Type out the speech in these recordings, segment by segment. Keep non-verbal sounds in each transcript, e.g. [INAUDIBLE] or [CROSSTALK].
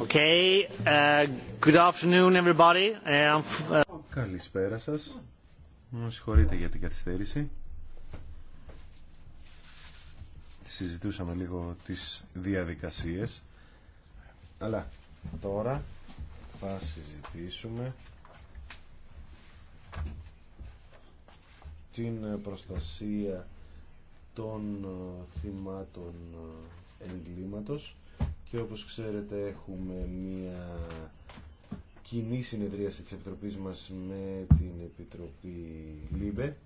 Okay. Uh, good afternoon everybody. Um, Καλησπέρα σας. Μου συγχωρείτε για την καθυστέρηση. Συζητούσαμε λίγο τις διαδικασίες. Αλλά τώρα θα συζητήσουμε την προστασία των θυμάτων ε, εγκλήματος και όπως ξέρετε έχουμε μία κοινή συνεδρίαση της Επιτροπής μας με την Επιτροπή ΛΥΜΠΕ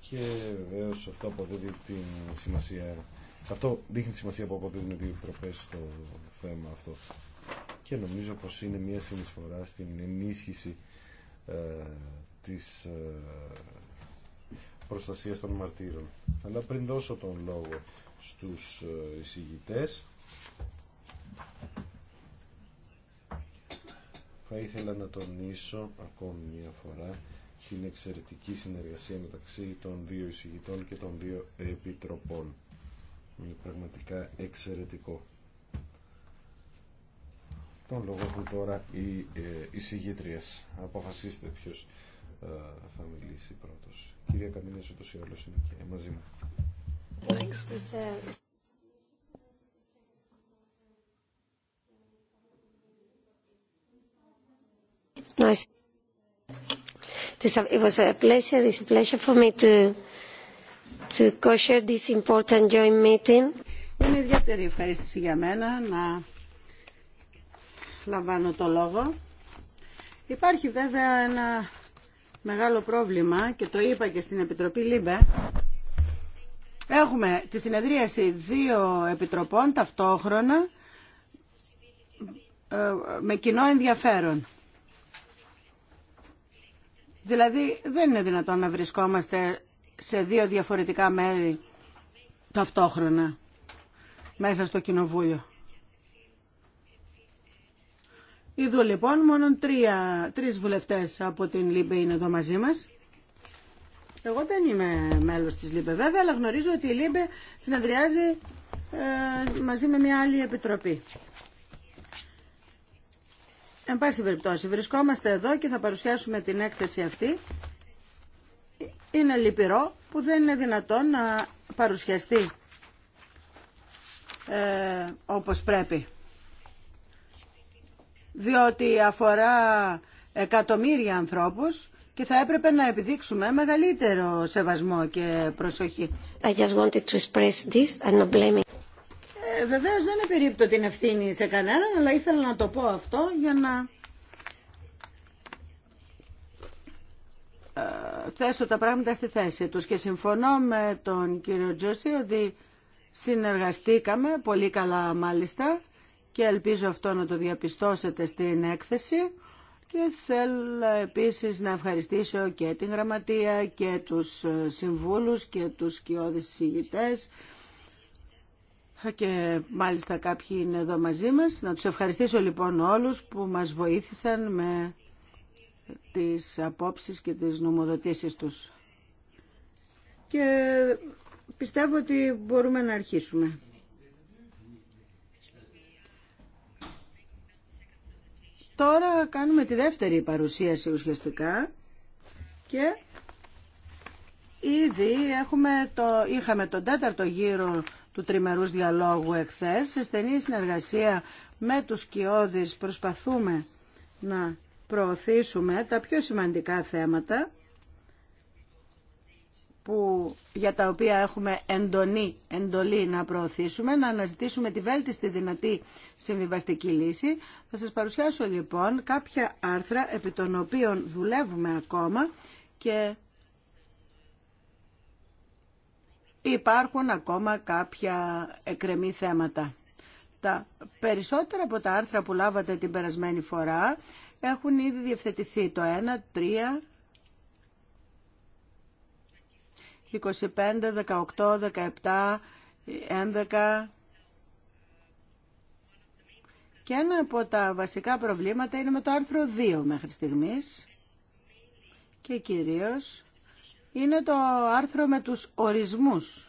και βεβαίω αυτό αποδίδει την σημασία αυτό δείχνει τη σημασία που αποδίδουν οι δύο επιτροπές στο θέμα αυτό και νομίζω πως είναι μια συνεισφορά στην ενίσχυση ε, της ε, προστασίας των μαρτύρων αλλά πριν δώσω τον λόγο στους ε, εισηγητές. Θα ήθελα να τονίσω ακόμη μια φορά την εξαιρετική συνεργασία μεταξύ των δύο εισηγητών και των δύο επιτροπών. Είναι πραγματικά εξαιρετικό. Τον λόγο που τώρα οι ε, εισηγήτριες. Αποφασίστε ποιος ε, θα μιλήσει πρώτος. Κυρία Καμίνες, ούτως ή άλλως είναι και μαζί μου. Thanks. Nice. Uh, it was a pleasure. It's a pleasure for me to to co-share this important joint meeting. Είναι ιδιαίτερη ευχαρίστηση για μένα να λαμβάνω το λόγο. Υπάρχει βέβαια ένα μεγάλο πρόβλημα και το είπα και στην Επιτροπή Λίμπε Έχουμε τη συνεδρίαση δύο επιτροπών ταυτόχρονα ε, με κοινό ενδιαφέρον. Δηλαδή δεν είναι δυνατόν να βρισκόμαστε σε δύο διαφορετικά μέρη ταυτόχρονα μέσα στο Κοινοβούλιο. Είδω λοιπόν μόνο τρία, τρεις βουλευτές από την ΛΥΜΠΕ είναι εδώ μαζί μας. Εγώ δεν είμαι μέλος της ΛΥΜΠΕ βέβαια, αλλά γνωρίζω ότι η ΛΥΜΠΕ συνεδριάζει ε, μαζί με μια άλλη επιτροπή. Εν πάση περιπτώσει, βρισκόμαστε εδώ και θα παρουσιάσουμε την έκθεση αυτή. Είναι λυπηρό που δεν είναι δυνατόν να παρουσιαστεί ε, όπως πρέπει. Διότι αφορά εκατομμύρια ανθρώπους και θα έπρεπε να επιδείξουμε μεγαλύτερο σεβασμό και προσοχή. I just wanted to express this and not ε, δεν επιρρύπτω την ευθύνη σε κανέναν, αλλά ήθελα να το πω αυτό για να ε, θέσω τα πράγματα στη θέση τους και συμφωνώ με τον κύριο Τζούση ότι συνεργαστήκαμε πολύ καλά μάλιστα και ελπίζω αυτό να το διαπιστώσετε στην έκθεση. Και θέλω επίσης να ευχαριστήσω και την Γραμματεία και τους συμβούλους και τους σκιώδεις συγητές και μάλιστα κάποιοι είναι εδώ μαζί μας. Να τους ευχαριστήσω λοιπόν όλους που μας βοήθησαν με τις απόψεις και τις νομοδοτήσεις τους. Και πιστεύω ότι μπορούμε να αρχίσουμε. Τώρα κάνουμε τη δεύτερη παρουσίαση ουσιαστικά και ήδη έχουμε το, είχαμε τον τέταρτο γύρο του τριμερούς διαλόγου εχθές. Σε στενή συνεργασία με τους κοιόδης προσπαθούμε να προωθήσουμε τα πιο σημαντικά θέματα που, για τα οποία έχουμε εντονή εντολή να προωθήσουμε, να αναζητήσουμε τη βέλτιστη δυνατή συμβιβαστική λύση. Θα σας παρουσιάσω λοιπόν κάποια άρθρα επί των οποίων δουλεύουμε ακόμα και υπάρχουν ακόμα κάποια εκρεμή θέματα. Τα περισσότερα από τα άρθρα που λάβατε την περασμένη φορά έχουν ήδη διευθετηθεί το 1, 3, 25, 18, 17, 11. Και ένα από τα βασικά προβλήματα είναι με το άρθρο 2 μέχρι στιγμής και κυρίως είναι το άρθρο με τους ορισμούς.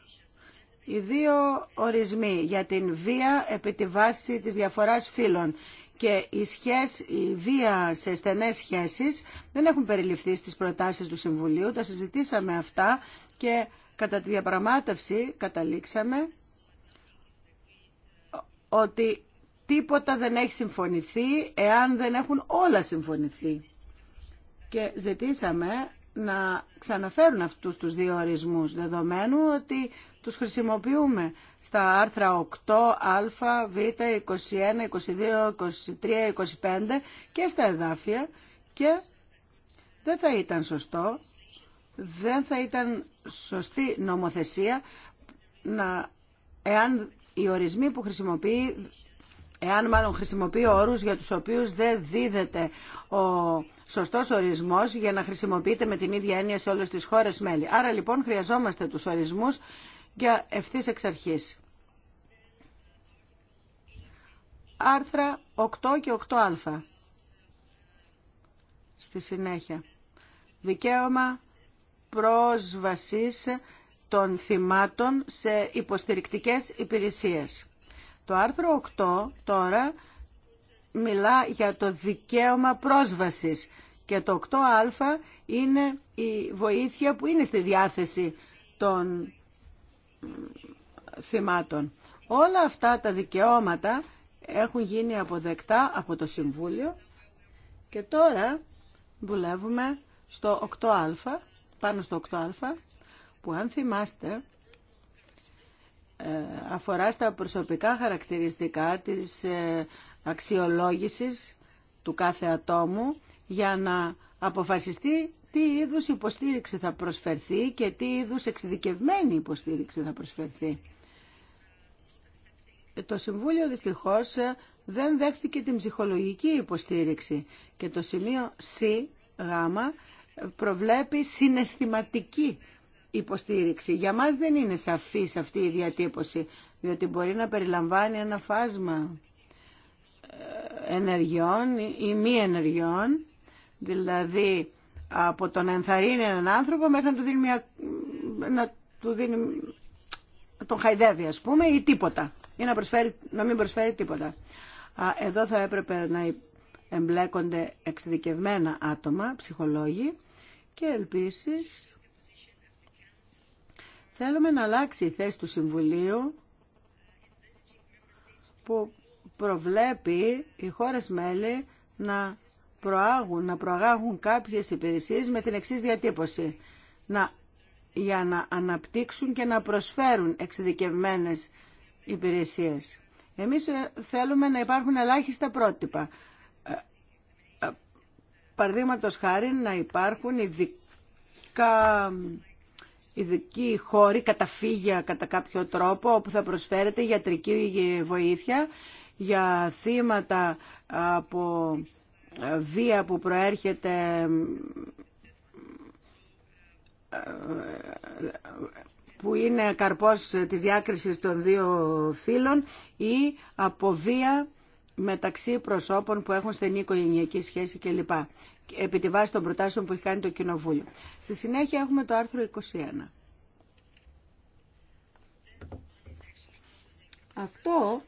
Οι δύο ορισμοί για την βία επί τη βάση της διαφοράς φύλων και η, σχέση, η βία σε στενές σχέσεις δεν έχουν περιληφθεί στις προτάσεις του Συμβουλίου. Τα συζητήσαμε αυτά και κατά τη διαπραγμάτευση καταλήξαμε ότι τίποτα δεν έχει συμφωνηθεί εάν δεν έχουν όλα συμφωνηθεί. Και ζητήσαμε να ξαναφέρουν αυτούς τους δύο ορισμούς, δεδομένου ότι τους χρησιμοποιούμε στα άρθρα 8α, β, 21, 22, 23, 25 και στα εδάφια και δεν θα ήταν σωστό, δεν θα ήταν σωστή νομοθεσία να, εάν οι ορισμοί που χρησιμοποιεί εάν μάλλον χρησιμοποιεί όρους για τους οποίους δεν δίδεται ο σωστός ορισμός για να χρησιμοποιείται με την ίδια έννοια σε όλες τις χώρες μέλη. Άρα λοιπόν χρειαζόμαστε τους ορισμούς για ευθύς εξ αρχής. Άρθρα 8 και 8α. Στη συνέχεια. Δικαίωμα πρόσβασης των θυμάτων σε υποστηρικτικές υπηρεσίες. Το άρθρο 8 τώρα μιλά για το δικαίωμα πρόσβασης και το 8α είναι η βοήθεια που είναι στη διάθεση των θυμάτων. Όλα αυτά τα δικαιώματα έχουν γίνει αποδεκτά από το Συμβούλιο και τώρα δουλεύουμε στο 8α, πάνω στο 8α, που αν θυμάστε ε, αφορά στα προσωπικά χαρακτηριστικά της ε, αξιολόγησης του κάθε ατόμου για να αποφασιστεί τι είδους υποστήριξη θα προσφερθεί και τι είδους εξειδικευμένη υποστήριξη θα προσφερθεί. Ε, το Συμβούλιο δυστυχώς δεν δέχθηκε την ψυχολογική υποστήριξη και το σημείο C γάμα προβλέπει συναισθηματική υποστήριξη. Για μας δεν είναι σαφής αυτή η διατύπωση, διότι μπορεί να περιλαμβάνει ένα φάσμα ε, ενεργειών ή μη ενεργειών, δηλαδή από το να ενθαρρύνει έναν άνθρωπο μέχρι να του δίνει μια... να του δίνει... τον χαϊδεύει ας πούμε ή τίποτα ή να, προσφέρει... να μην προσφέρει τίποτα. Εδώ θα έπρεπε να εμπλέκονται εξειδικευμένα άτομα, ψυχολόγοι και ελπίσεις Θέλουμε να αλλάξει η θέση του Συμβουλίου που προβλέπει οι χώρες μέλη να προάγουν, να προαγάγουν κάποιες υπηρεσίες με την εξής διατύπωση. Να, για να αναπτύξουν και να προσφέρουν εξειδικευμένες υπηρεσίες. Εμείς ε, θέλουμε να υπάρχουν ελάχιστα πρότυπα. Ε, ε, το χάρη να υπάρχουν ειδικά ειδικοί χώροι, καταφύγια κατά κάποιο τρόπο, όπου θα προσφέρεται ιατρική βοήθεια για θύματα από ε, βία που προέρχεται ε, που είναι καρπός της διάκρισης των δύο φύλων ή από βία μεταξύ προσώπων που έχουν στενή οικογενειακή σχέση κλπ επί τη βάση των προτάσεων που έχει κάνει το Κοινοβούλιο. Στη συνέχεια έχουμε το άρθρο 21. Αυτό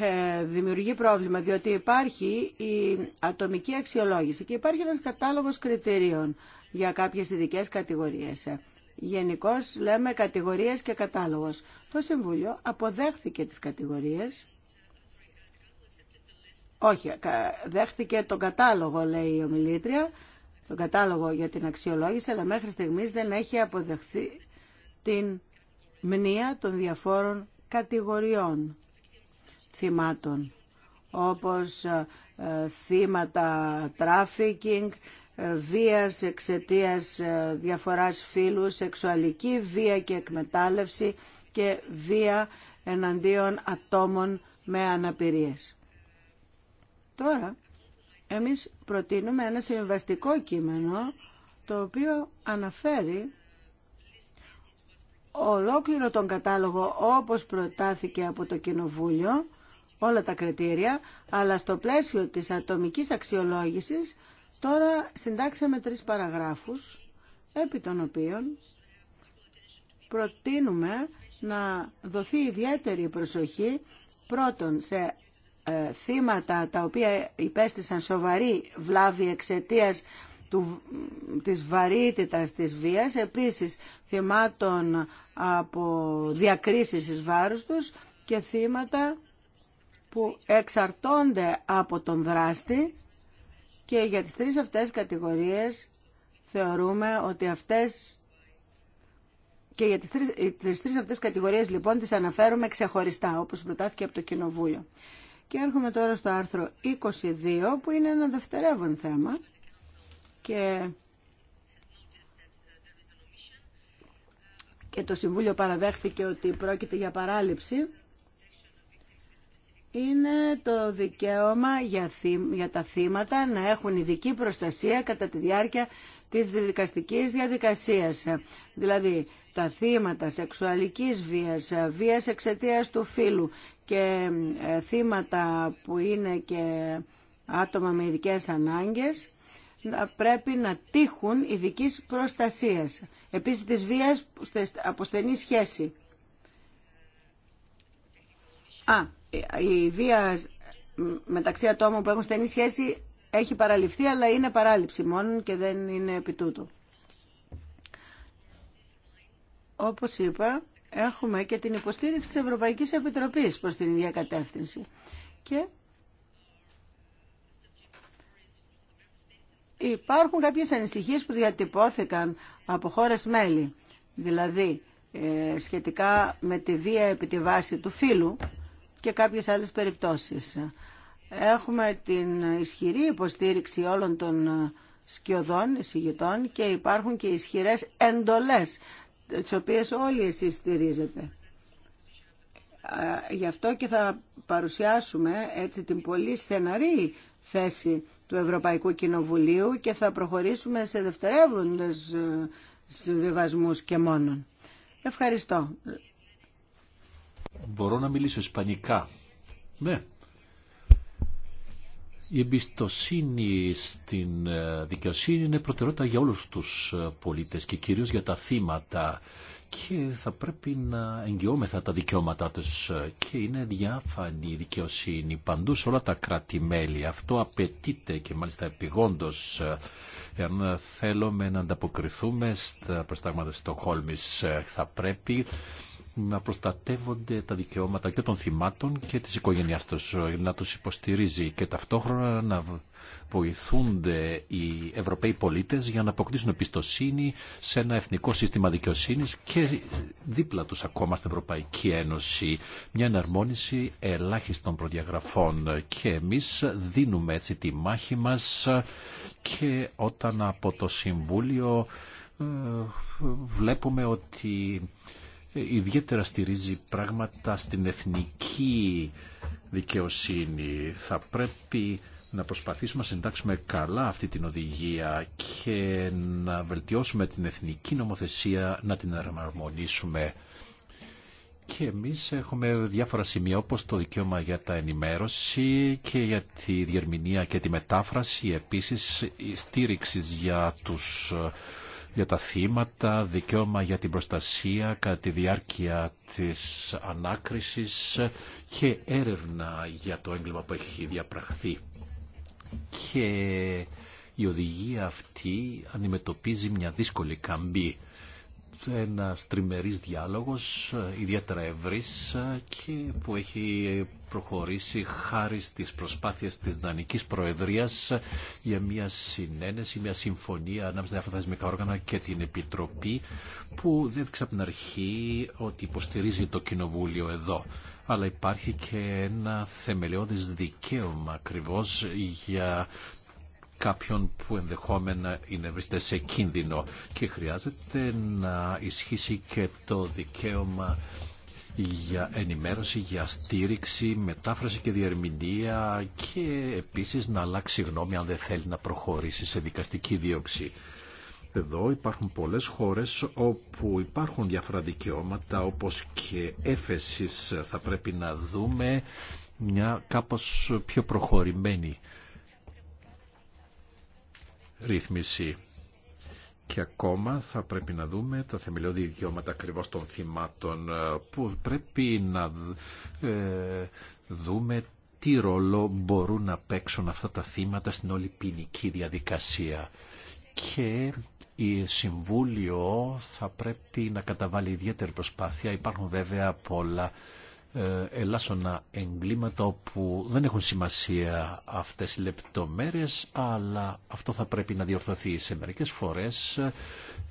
ε, δημιουργεί πρόβλημα, διότι υπάρχει η ατομική αξιολόγηση και υπάρχει ένας κατάλογος κριτηρίων για κάποιες ειδικέ κατηγορίες. Γενικώ λέμε κατηγορίες και κατάλογος. Το Συμβούλιο αποδέχθηκε τις κατηγορίες όχι, ε, δέχτηκε τον κατάλογο, λέει η ομιλήτρια, τον κατάλογο για την αξιολόγηση, αλλά μέχρι στιγμής δεν έχει αποδεχθεί την μνήα των διαφόρων κατηγοριών θυμάτων, όπως ε, ε, θύματα τράφικινγκ, βίας εξαιτίας διαφοράς φύλου, σεξουαλική βία και εκμετάλλευση και βία εναντίον ατόμων με αναπηρίες. Τώρα, εμείς προτείνουμε ένα συμβαστικό κείμενο το οποίο αναφέρει ολόκληρο τον κατάλογο όπως προτάθηκε από το Κοινοβούλιο, όλα τα κριτήρια, αλλά στο πλαίσιο της ατομικής αξιολόγησης τώρα συντάξαμε τρεις παραγράφους, επί των οποίων προτείνουμε να δοθεί ιδιαίτερη προσοχή πρώτον σε ε, θύματα τα οποία υπέστησαν σοβαρή βλάβη εξαιτίας του, της βαρύτητας της βίας, επίσης θυμάτων από διακρίσεις εις βάρους τους και θύματα που εξαρτώνται από τον δράστη και για τις τρεις αυτές κατηγορίες θεωρούμε ότι αυτές και για τις τρεις, τις τρεις αυτές κατηγορίες λοιπόν τις αναφέρουμε ξεχωριστά όπως προτάθηκε από το Κοινοβούλιο. Και έρχομαι τώρα στο άρθρο 22 που είναι ένα δευτερεύον θέμα και, και το Συμβούλιο παραδέχθηκε ότι πρόκειται για παράληψη. Είναι το δικαίωμα για, για τα θύματα να έχουν ειδική προστασία κατά τη διάρκεια της διδικαστικής διαδικασίας. Δηλαδή, τα θύματα σεξουαλικής βίας, βίας εξαιτίας του φύλου και ε, θύματα που είναι και άτομα με ειδικέ ανάγκες πρέπει να τύχουν ειδική προστασίας. Επίσης της βίας από στενή σχέση. Α, η βία μεταξύ ατόμων που έχουν στενή σχέση έχει παραλυφθεί αλλά είναι παράληψη μόνο και δεν είναι επί τούτου. Όπως είπα, έχουμε και την υποστήριξη της Ευρωπαϊκής Επιτροπής προς την ίδια κατεύθυνση. Και υπάρχουν κάποιες ανησυχίες που διατυπώθηκαν από χώρες μέλη, δηλαδή ε, σχετικά με τη βία επί τη βάση του φύλου και κάποιες άλλες περιπτώσεις. Έχουμε την ισχυρή υποστήριξη όλων των σκιωδών, εισηγητών και υπάρχουν και ισχυρές εντολές τις οποίες όλοι εσείς στηρίζετε. Γι' αυτό και θα παρουσιάσουμε έτσι την πολύ στεναρή θέση του Ευρωπαϊκού Κοινοβουλίου και θα προχωρήσουμε σε δευτερεύοντες ε, συμβιβασμούς και μόνον. Ευχαριστώ. Μπορώ να μιλήσω ισπανικά. Ναι, η εμπιστοσύνη στην ε, δικαιοσύνη είναι προτεραιότητα για όλους τους ε, πολίτες και κυρίως για τα θύματα και θα πρέπει να εγγυόμεθα τα δικαιώματά τους ε, και είναι διάφανη η δικαιοσύνη παντού σε όλα τα κράτη-μέλη. Αυτό απαιτείται και μάλιστα επιγόντως Εάν θέλουμε να ανταποκριθούμε στα προστάγματα στο Στοχόλμης θα πρέπει να προστατεύονται τα δικαιώματα και των θυμάτων και της οικογένειάς τους, να τους υποστηρίζει και ταυτόχρονα να βοηθούνται οι Ευρωπαίοι πολίτες για να αποκτήσουν εμπιστοσύνη σε ένα εθνικό σύστημα δικαιοσύνης και δίπλα τους ακόμα στην Ευρωπαϊκή Ένωση μια εναρμόνιση ελάχιστων προδιαγραφών και εμείς δίνουμε έτσι τη μάχη μας και όταν από το Συμβούλιο ε, βλέπουμε ότι ιδιαίτερα στηρίζει πράγματα στην εθνική δικαιοσύνη. Θα πρέπει να προσπαθήσουμε να συντάξουμε καλά αυτή την οδηγία και να βελτιώσουμε την εθνική νομοθεσία, να την αρμονίσουμε. Και εμείς έχουμε διάφορα σημεία όπως το δικαίωμα για τα ενημέρωση και για τη διερμηνία και τη μετάφραση, επίσης στήριξη για τους για τα θύματα, δικαίωμα για την προστασία κατά τη διάρκεια της ανάκρισης και έρευνα για το έγκλημα που έχει διαπραχθεί. Και η οδηγία αυτή αντιμετωπίζει μια δύσκολη καμπή ένα τριμερής διάλογος, ιδιαίτερα ευρύς και που έχει προχωρήσει χάρη στις προσπάθειες της Δανικής Προεδρίας για μια συνένεση, μια συμφωνία ανάμεσα στα θεσμικά όργανα και την Επιτροπή που δίδυξε από την αρχή ότι υποστηρίζει το Κοινοβούλιο εδώ αλλά υπάρχει και ένα θεμελιώδης δικαίωμα ακριβώ για κάποιον που ενδεχόμενα είναι βρίσκεται σε κίνδυνο και χρειάζεται να ισχύσει και το δικαίωμα για ενημέρωση, για στήριξη, μετάφραση και διερμηνία και επίσης να αλλάξει γνώμη αν δεν θέλει να προχωρήσει σε δικαστική δίωξη. Εδώ υπάρχουν πολλές χώρες όπου υπάρχουν διάφορα δικαιώματα όπως και έφεσης θα πρέπει να δούμε μια κάπως πιο προχωρημένη ρύθμιση. Και ακόμα θα πρέπει να δούμε τα θεμελιώδη δικαιώματα ακριβώς των θυμάτων ε, που πρέπει να ε, δούμε τι ρόλο μπορούν να παίξουν αυτά τα θύματα στην όλη ποινική διαδικασία. Και η Συμβούλιο θα πρέπει να καταβάλει ιδιαίτερη προσπάθεια. Υπάρχουν βέβαια πολλά ε, ελάσσονα εγκλήματα όπου δεν έχουν σημασία αυτές οι λεπτομέρειες αλλά αυτό θα πρέπει να διορθωθεί σε μερικές φορές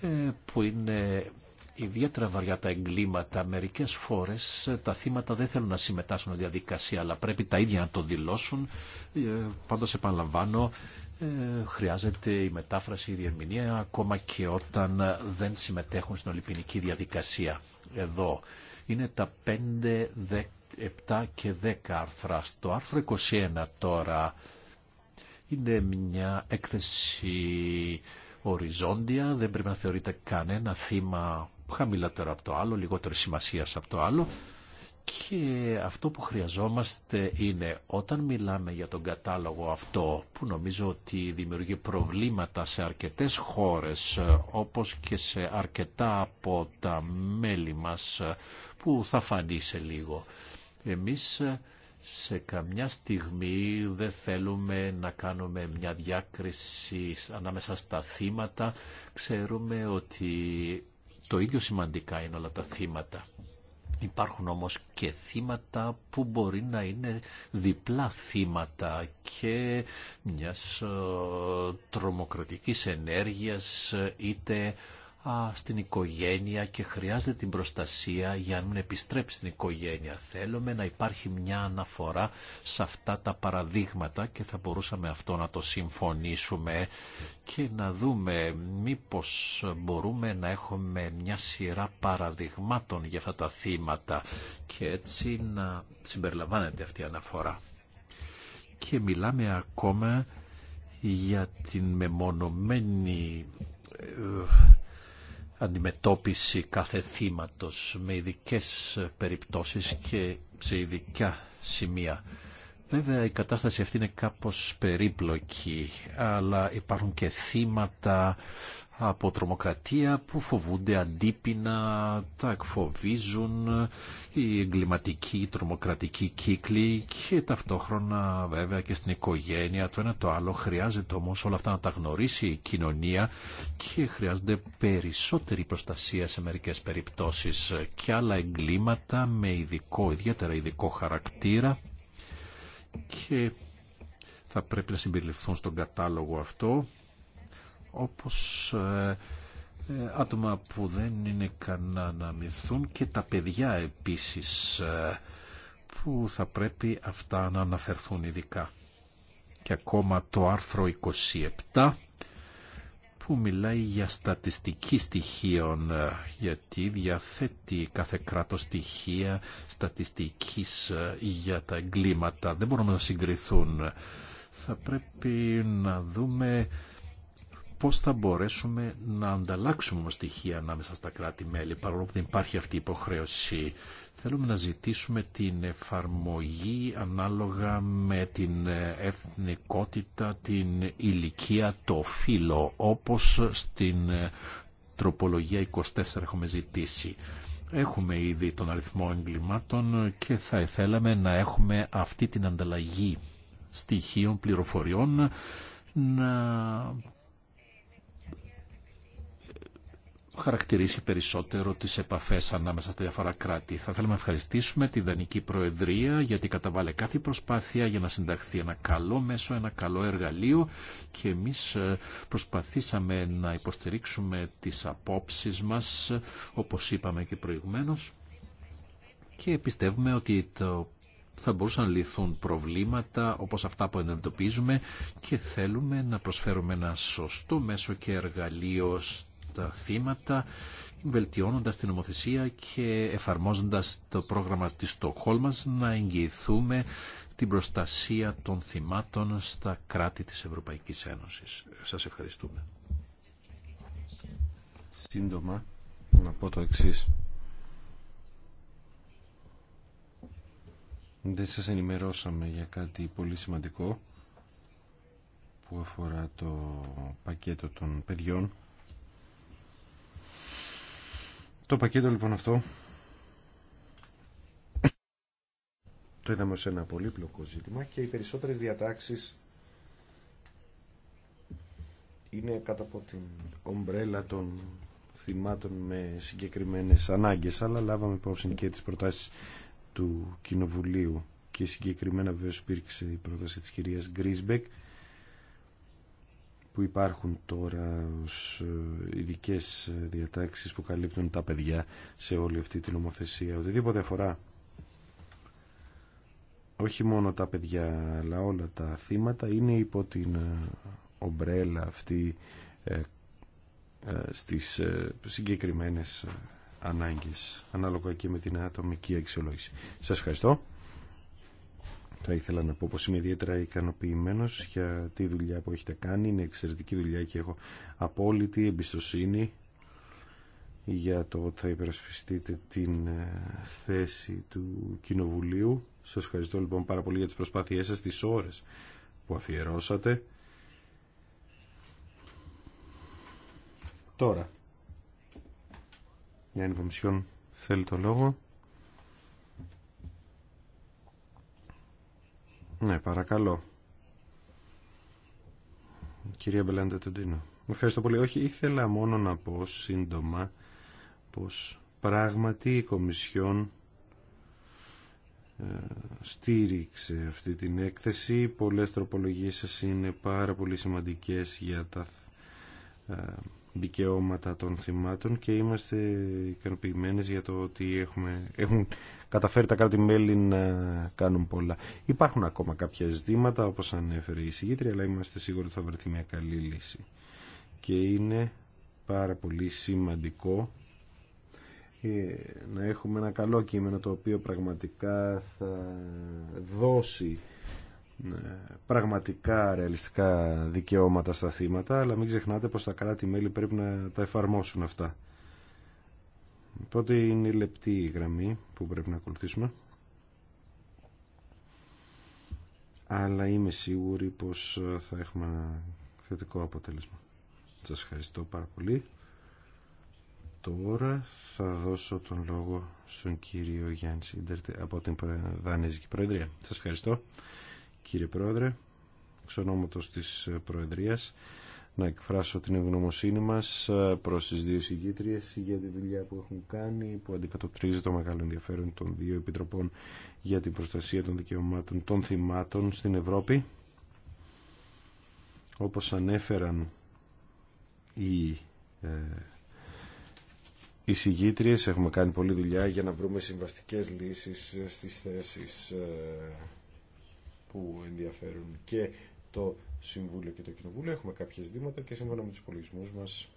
ε, που είναι ιδιαίτερα βαριά τα εγκλήματα. Μερικές φορές ε, τα θύματα δεν θέλουν να συμμετάσχουν στη διαδικασία αλλά πρέπει τα ίδια να το δηλώσουν. Πάντως επαναλαμβάνω χρειάζεται η μετάφραση, η διερμηνία ακόμα και όταν δεν συμμετέχουν στην ολυπηνική διαδικασία. Εδώ είναι τα 5, 7 και 10 άρθρα. Στο άρθρο 21 τώρα είναι μια έκθεση οριζόντια, δεν πρέπει να θεωρείται κανένα θύμα χαμηλότερο από το άλλο, λιγότερη σημασία από το άλλο. Και αυτό που χρειαζόμαστε είναι όταν μιλάμε για τον κατάλογο αυτό που νομίζω ότι δημιουργεί προβλήματα σε αρκετές χώρες όπως και σε αρκετά από τα μέλη μας που θα φανεί σε λίγο. Εμείς ε, σε καμιά στιγμή δεν θέλουμε να κάνουμε μια διάκριση ανάμεσα στα θύματα. Ξέρουμε ότι το ίδιο σημαντικά είναι όλα τα θύματα. Υπάρχουν όμως και θύματα που μπορεί να είναι διπλά θύματα και μιας ε, τρομοκρατικής ενέργειας είτε στην οικογένεια και χρειάζεται την προστασία για να μην επιστρέψει στην οικογένεια. Θέλουμε να υπάρχει μια αναφορά σε αυτά τα παραδείγματα και θα μπορούσαμε αυτό να το συμφωνήσουμε και να δούμε μήπως μπορούμε να έχουμε μια σειρά παραδειγμάτων για αυτά τα θύματα και έτσι να συμπεριλαμβάνεται αυτή η αναφορά. Και μιλάμε ακόμα για την μεμονωμένη ε, αντιμετώπιση κάθε θύματος με ειδικέ περιπτώσεις και σε ειδικά σημεία. Βέβαια η κατάσταση αυτή είναι κάπως περίπλοκη, αλλά υπάρχουν και θύματα από τρομοκρατία που φοβούνται αντίπεινα, τα εκφοβίζουν οι εγκληματικοί, οι τρομοκρατικοί κύκλοι και ταυτόχρονα βέβαια και στην οικογένεια το ένα το άλλο. Χρειάζεται όμως όλα αυτά να τα γνωρίσει η κοινωνία και χρειάζονται περισσότερη προστασία σε μερικές περιπτώσεις και άλλα εγκλήματα με ειδικό, ιδιαίτερα ειδικό χαρακτήρα και θα πρέπει να συμπεριληφθούν στον κατάλογο αυτό όπως ε, ε, άτομα που δεν είναι κανά να μυθούν και τα παιδιά επίσης ε, που θα πρέπει αυτά να αναφερθούν ειδικά. Και ακόμα το άρθρο 27 που μιλάει για στατιστική στοιχείων, γιατί διαθέτει κάθε κράτο στοιχεία στατιστικής για τα εγκλήματα. Δεν μπορούμε να συγκριθούν. Θα πρέπει να δούμε πώς θα μπορέσουμε να ανταλλάξουμε στοιχεία ανάμεσα στα κράτη-μέλη, παρόλο που δεν υπάρχει αυτή η υποχρέωση. Θέλουμε να ζητήσουμε την εφαρμογή ανάλογα με την εθνικότητα, την ηλικία, το φύλλο, όπως στην τροπολογία 24 έχουμε ζητήσει. Έχουμε ήδη τον αριθμό εγκλημάτων και θα ήθελαμε να έχουμε αυτή την ανταλλαγή στοιχείων, πληροφοριών, να χαρακτηρίσει περισσότερο τις επαφές ανάμεσα στα διάφορα κράτη. Θα θέλαμε να ευχαριστήσουμε τη Δανική Προεδρία γιατί καταβάλε κάθε προσπάθεια για να συνταχθεί ένα καλό μέσο, ένα καλό εργαλείο και εμείς ε, προσπαθήσαμε να υποστηρίξουμε τις απόψεις μας όπως είπαμε και προηγουμένως και πιστεύουμε ότι το θα μπορούσαν να λυθούν προβλήματα όπως αυτά που εντοπίζουμε και θέλουμε να προσφέρουμε ένα σωστό μέσο και εργαλείο τα θύματα, βελτιώνοντας την νομοθεσία και εφαρμόζοντας το πρόγραμμα της Στοκχόλμας να εγγυηθούμε την προστασία των θυμάτων στα κράτη της Ευρωπαϊκής Ένωσης. Σας ευχαριστούμε. Σύντομα, να πω το εξής. Δεν σας ενημερώσαμε για κάτι πολύ σημαντικό που αφορά το πακέτο των παιδιών Το πακέτο λοιπόν αυτό το είδαμε σε ένα πολύπλοκο ζήτημα και οι περισσότερες διατάξεις είναι κατά από την ομπρέλα των θυμάτων με συγκεκριμένες ανάγκες αλλά λάβαμε υπόψη και τις προτάσεις του Κοινοβουλίου και συγκεκριμένα βέβαια υπήρξε η πρόταση της κυρίας Γκρίσμπεκ που υπάρχουν τώρα ως ε, ειδικέ διατάξεις που καλύπτουν τα παιδιά σε όλη αυτή την ομοθεσία Οτιδήποτε αφορά όχι μόνο τα παιδιά αλλά όλα τα θύματα είναι υπό την ε, ομπρέλα αυτή ε, στις συγκεκριμένες ανάγκες ανάλογα και με την ατομική αξιολόγηση. Σας ευχαριστώ. Θα ήθελα να πω πως είμαι ιδιαίτερα ικανοποιημένο για τη δουλειά που έχετε κάνει. Είναι εξαιρετική δουλειά και έχω απόλυτη εμπιστοσύνη για το ότι θα υπερασπιστείτε την ε, θέση του Κοινοβουλίου. Σας ευχαριστώ λοιπόν πάρα πολύ για τις προσπάθειές σας, τις ώρες που αφιερώσατε. Τώρα, για την θέλει το λόγο. Ναι, παρακαλώ. Κυρία Μπελάντα Τοντίνο. Ευχαριστώ πολύ. Όχι, ήθελα μόνο να πω σύντομα πως πράγματι η Κομισιόν ε, στήριξε αυτή την έκθεση. Πολλές τροπολογίες σας είναι πάρα πολύ σημαντικές για τα ε, δικαιώματα των θυμάτων και είμαστε ικανοποιημένες για το ότι έχουμε, έχουν καταφέρει τα κράτη-μέλη να κάνουν πολλά. Υπάρχουν ακόμα κάποια ζητήματα, όπως ανέφερε η συγγήτρια, αλλά είμαστε σίγουροι ότι θα βρεθεί μια καλή λύση. Και είναι πάρα πολύ σημαντικό ε, να έχουμε ένα καλό κείμενο το οποίο πραγματικά θα δώσει ε, πραγματικά ρεαλιστικά δικαιώματα στα θύματα αλλά μην ξεχνάτε πως τα κράτη-μέλη πρέπει να τα εφαρμόσουν αυτά. Οπότε είναι λεπτή η γραμμή που πρέπει να ακολουθήσουμε. Αλλά είμαι σίγουρη πως θα έχουμε θετικό αποτέλεσμα. Σας ευχαριστώ πάρα πολύ. Τώρα θα δώσω τον λόγο στον κύριο Γιάννη Σίντερτε από την Δανέζικη Προεδρία. Σας ευχαριστώ κύριε Πρόεδρε, εξ της Προεδρίας να εκφράσω την ευγνωμοσύνη μας ε, προς τις δύο συγκήτριες για τη δουλειά που έχουν κάνει, που αντικατοπτρίζει το μεγάλο ενδιαφέρον των δύο επιτροπών για την προστασία των δικαιωμάτων των θυμάτων στην Ευρώπη. Όπως ανέφεραν οι ε, οι έχουμε κάνει πολλή δουλειά για να βρούμε συμβαστικές λύσεις ε, στις θέσεις που ενδιαφέρουν και το Συμβούλιο και το Κοινοβούλιο. Έχουμε κάποια ζητήματα και σύμφωνα με τους υπολογισμού μας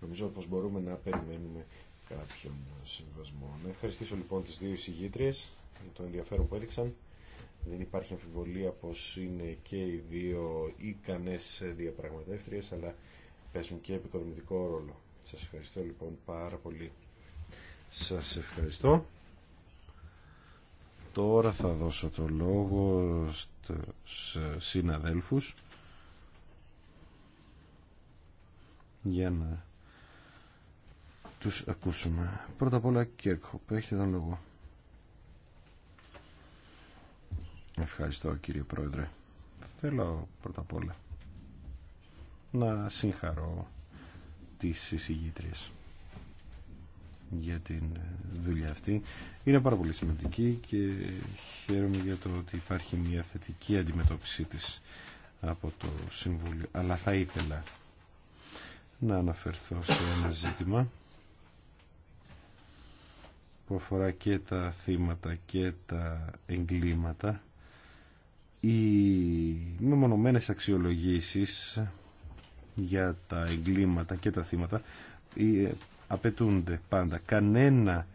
νομίζω πως μπορούμε να περιμένουμε κάποιον συμβασμό. Να ευχαριστήσω λοιπόν τις δύο εισηγήτριες για το ενδιαφέρον που έδειξαν. Δεν υπάρχει αμφιβολία πως είναι και οι δύο ικανές διαπραγματεύτριες αλλά παίζουν και επικοδομητικό ρόλο. Σας ευχαριστώ λοιπόν πάρα πολύ. Σας ευχαριστώ. Τώρα θα δώσω το λόγο στους ε, συναδέλφους για να τους ακούσουμε. Πρώτα απ' όλα Κέρκοπ, έχετε τον λόγο. Ευχαριστώ κύριε Πρόεδρε. Θέλω πρώτα απ' όλα να συγχαρώ τις συζητήτριες για την ε, δουλειά αυτή. Είναι πάρα πολύ σημαντική και χαίρομαι για το ότι υπάρχει μια θετική αντιμετώπιση της από το Συμβούλιο. Αλλά θα ήθελα να αναφερθώ σε ένα ζήτημα που αφορά και τα θύματα και τα εγκλήματα. Οι μεμονωμένες αξιολογήσεις για τα εγκλήματα και τα θύματα ε, απαιτούνται πάντα. Κανένα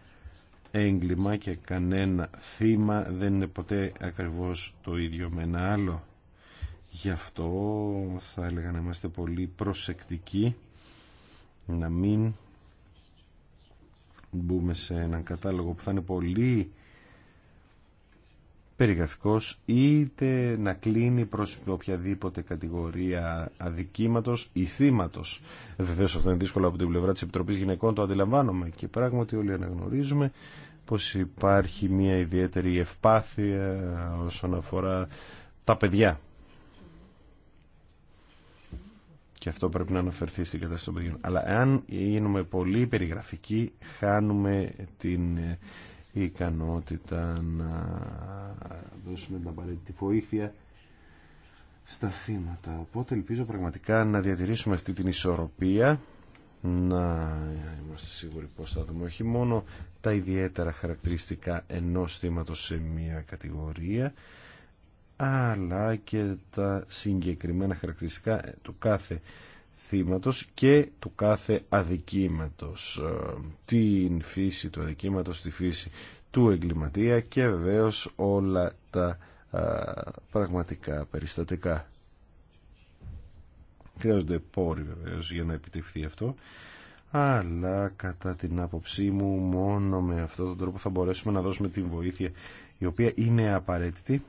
έγκλημα και κανένα θύμα δεν είναι ποτέ ακριβώς το ίδιο με ένα άλλο. Γι' αυτό θα έλεγα να είμαστε πολύ προσεκτικοί να μην μπούμε σε έναν κατάλογο που θα είναι πολύ περιγραφικός είτε να κλείνει προς οποιαδήποτε κατηγορία αδικήματος ή θύματος. Βεβαίως αυτό είναι δύσκολο από την πλευρά της Επιτροπής Γυναικών, το αντιλαμβάνομαι και πράγματι όλοι αναγνωρίζουμε πως υπάρχει μια ιδιαίτερη ευπάθεια όσον αφορά τα παιδιά. Και αυτό πρέπει να αναφερθεί στην κατάσταση των παιδιών. Αλλά αν γίνουμε πολύ περιγραφικοί, χάνουμε την η ικανότητα να δώσουμε την απαραίτητη βοήθεια στα θύματα. Οπότε ελπίζω πραγματικά να διατηρήσουμε αυτή την ισορροπία, να είμαστε σίγουροι πώς θα δούμε όχι μόνο τα ιδιαίτερα χαρακτηριστικά ενός θύματος σε μία κατηγορία, αλλά και τα συγκεκριμένα χαρακτηριστικά του κάθε θύματος και του κάθε αδικήματος. Ε, την φύση του αδικήματος, τη φύση του εγκληματία και βεβαίως όλα τα ε, πραγματικά περιστατικά. Χρειάζονται πόροι βεβαίως για να επιτευχθεί αυτό αλλά κατά την άποψή μου μόνο με αυτόν τον τρόπο θα μπορέσουμε να δώσουμε την βοήθεια η οποία είναι απαραίτητη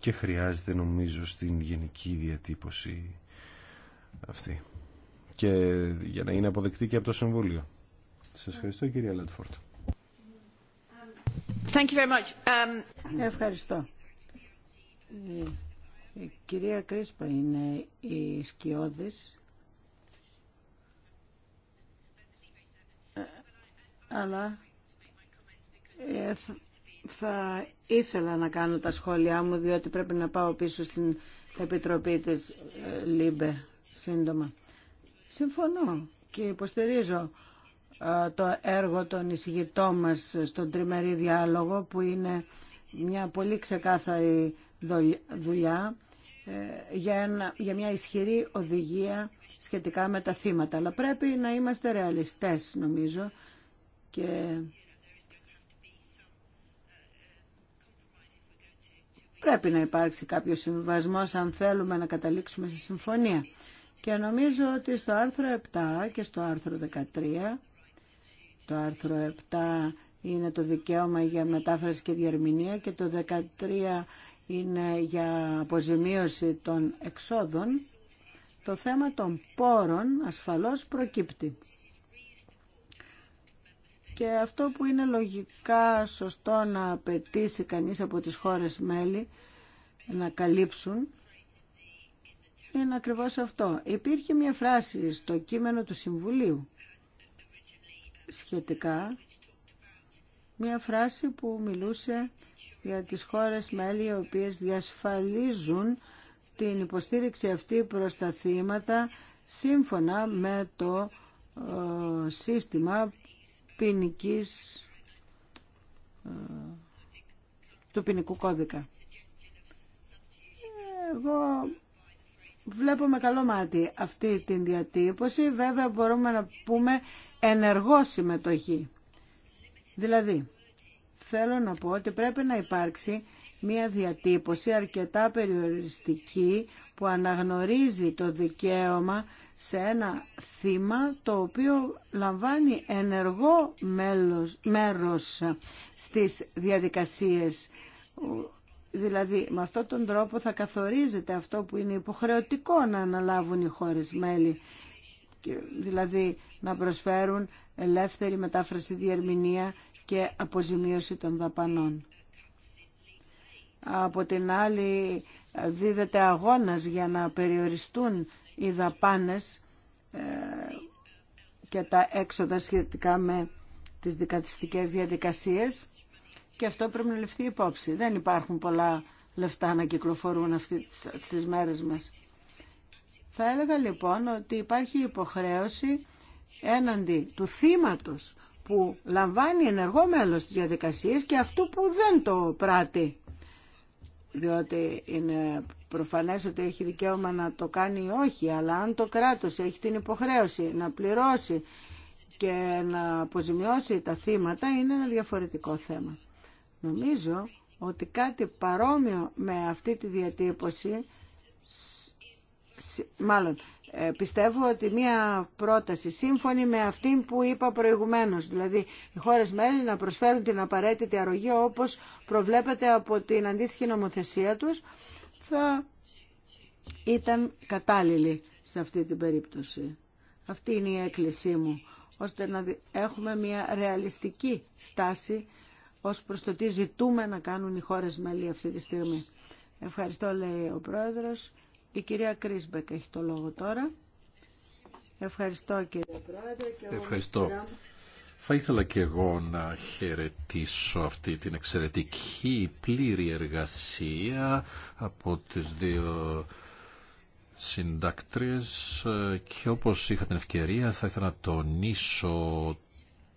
και χρειάζεται νομίζω στην γενική διατύπωση αυτή και για να είναι αποδεκτή και από το Συμβούλιο. Σας ευχαριστώ κυρία Λέτφορτ. Thank you very much. Um, ευχαριστώ. Η κυρία Κρίσπα είναι η σκιώδης. Ε, αλλά ε, θα ήθελα να κάνω τα σχόλιά μου, διότι πρέπει να πάω πίσω στην Επιτροπή της ε, ΛΥΜΠΕ σύντομα. Συμφωνώ και υποστηρίζω ε, το έργο των εισηγητών μας στον τριμερή διάλογο που είναι μια πολύ ξεκάθαρη δουλειά ε, για μια ισχυρή οδηγία σχετικά με τα θύματα. Αλλά πρέπει να είμαστε ρεαλιστές νομίζω και πρέπει να υπάρξει κάποιο συμβασμό αν θέλουμε να καταλήξουμε σε συμφωνία. Και νομίζω ότι στο άρθρο 7 και στο άρθρο 13, το άρθρο 7 είναι το δικαίωμα για μετάφραση και διαρμηνία και το 13 είναι για αποζημίωση των εξόδων, το θέμα των πόρων ασφαλώς προκύπτει. Και αυτό που είναι λογικά σωστό να απαιτήσει κανείς από τις χώρες μέλη να καλύψουν είναι ακριβώς αυτό. Υπήρχε μια φράση στο κείμενο του Συμβουλίου σχετικά, μια φράση που μιλούσε για τις χώρες μέλη οι οποίες διασφαλίζουν την υποστήριξη αυτή προς τα θύματα σύμφωνα με το ε, σύστημα ποινικής, ε, του ποινικού κώδικα. Εγώ βλέπω με καλό μάτι αυτή την διατύπωση. Βέβαια μπορούμε να πούμε ενεργό συμμετοχή. Δηλαδή, θέλω να πω ότι πρέπει να υπάρξει μια διατύπωση αρκετά περιοριστική που αναγνωρίζει το δικαίωμα σε ένα θύμα το οποίο λαμβάνει ενεργό μέλος, μέρος στις διαδικασίες. Δηλαδή, με αυτόν τον τρόπο θα καθορίζεται αυτό που είναι υποχρεωτικό να αναλάβουν οι χώρες μέλη. Δηλαδή, να προσφέρουν ελεύθερη μετάφραση διερμηνία και αποζημίωση των δαπανών. Από την άλλη, δίδεται αγώνας για να περιοριστούν οι δαπάνες ε, και τα έξοδα σχετικά με τις δικατιστικές διαδικασίες και αυτό πρέπει να ληφθεί υπόψη. Δεν υπάρχουν πολλά λεφτά να κυκλοφορούν αυτή, στις μέρες μας. Θα έλεγα λοιπόν ότι υπάρχει υποχρέωση έναντι του θύματος που λαμβάνει ενεργό μέλος της διαδικασίας και αυτού που δεν το πράττει διότι είναι προφανές ότι έχει δικαίωμα να το κάνει ή όχι, αλλά αν το κράτος έχει την υποχρέωση να πληρώσει και να αποζημιώσει τα θύματα, είναι ένα διαφορετικό θέμα. Νομίζω ότι κάτι παρόμοιο με αυτή τη διατύπωση, μάλλον ε, πιστεύω ότι μια πρόταση σύμφωνη με αυτή που είπα προηγουμένως, δηλαδή οι χώρες μέλη να προσφέρουν την απαραίτητη αρρωγή όπως προβλέπεται από την αντίστοιχη νομοθεσία τους, θα ήταν κατάλληλη σε αυτή την περίπτωση. Αυτή είναι η έκκλησή μου, ώστε να έχουμε μια ρεαλιστική στάση ως προς το τι ζητούμε να κάνουν οι χώρες μέλη αυτή τη στιγμή. Ευχαριστώ, λέει ο Πρόεδρος. Η κυρία Κρίσμπεκ έχει το λόγο τώρα. Ευχαριστώ κύριε Πρόεδρε. Και Ευχαριστώ. Θα ήθελα και εγώ να χαιρετήσω αυτή την εξαιρετική πλήρη εργασία από τις δύο συντάκτριες και όπως είχα την ευκαιρία θα ήθελα να τονίσω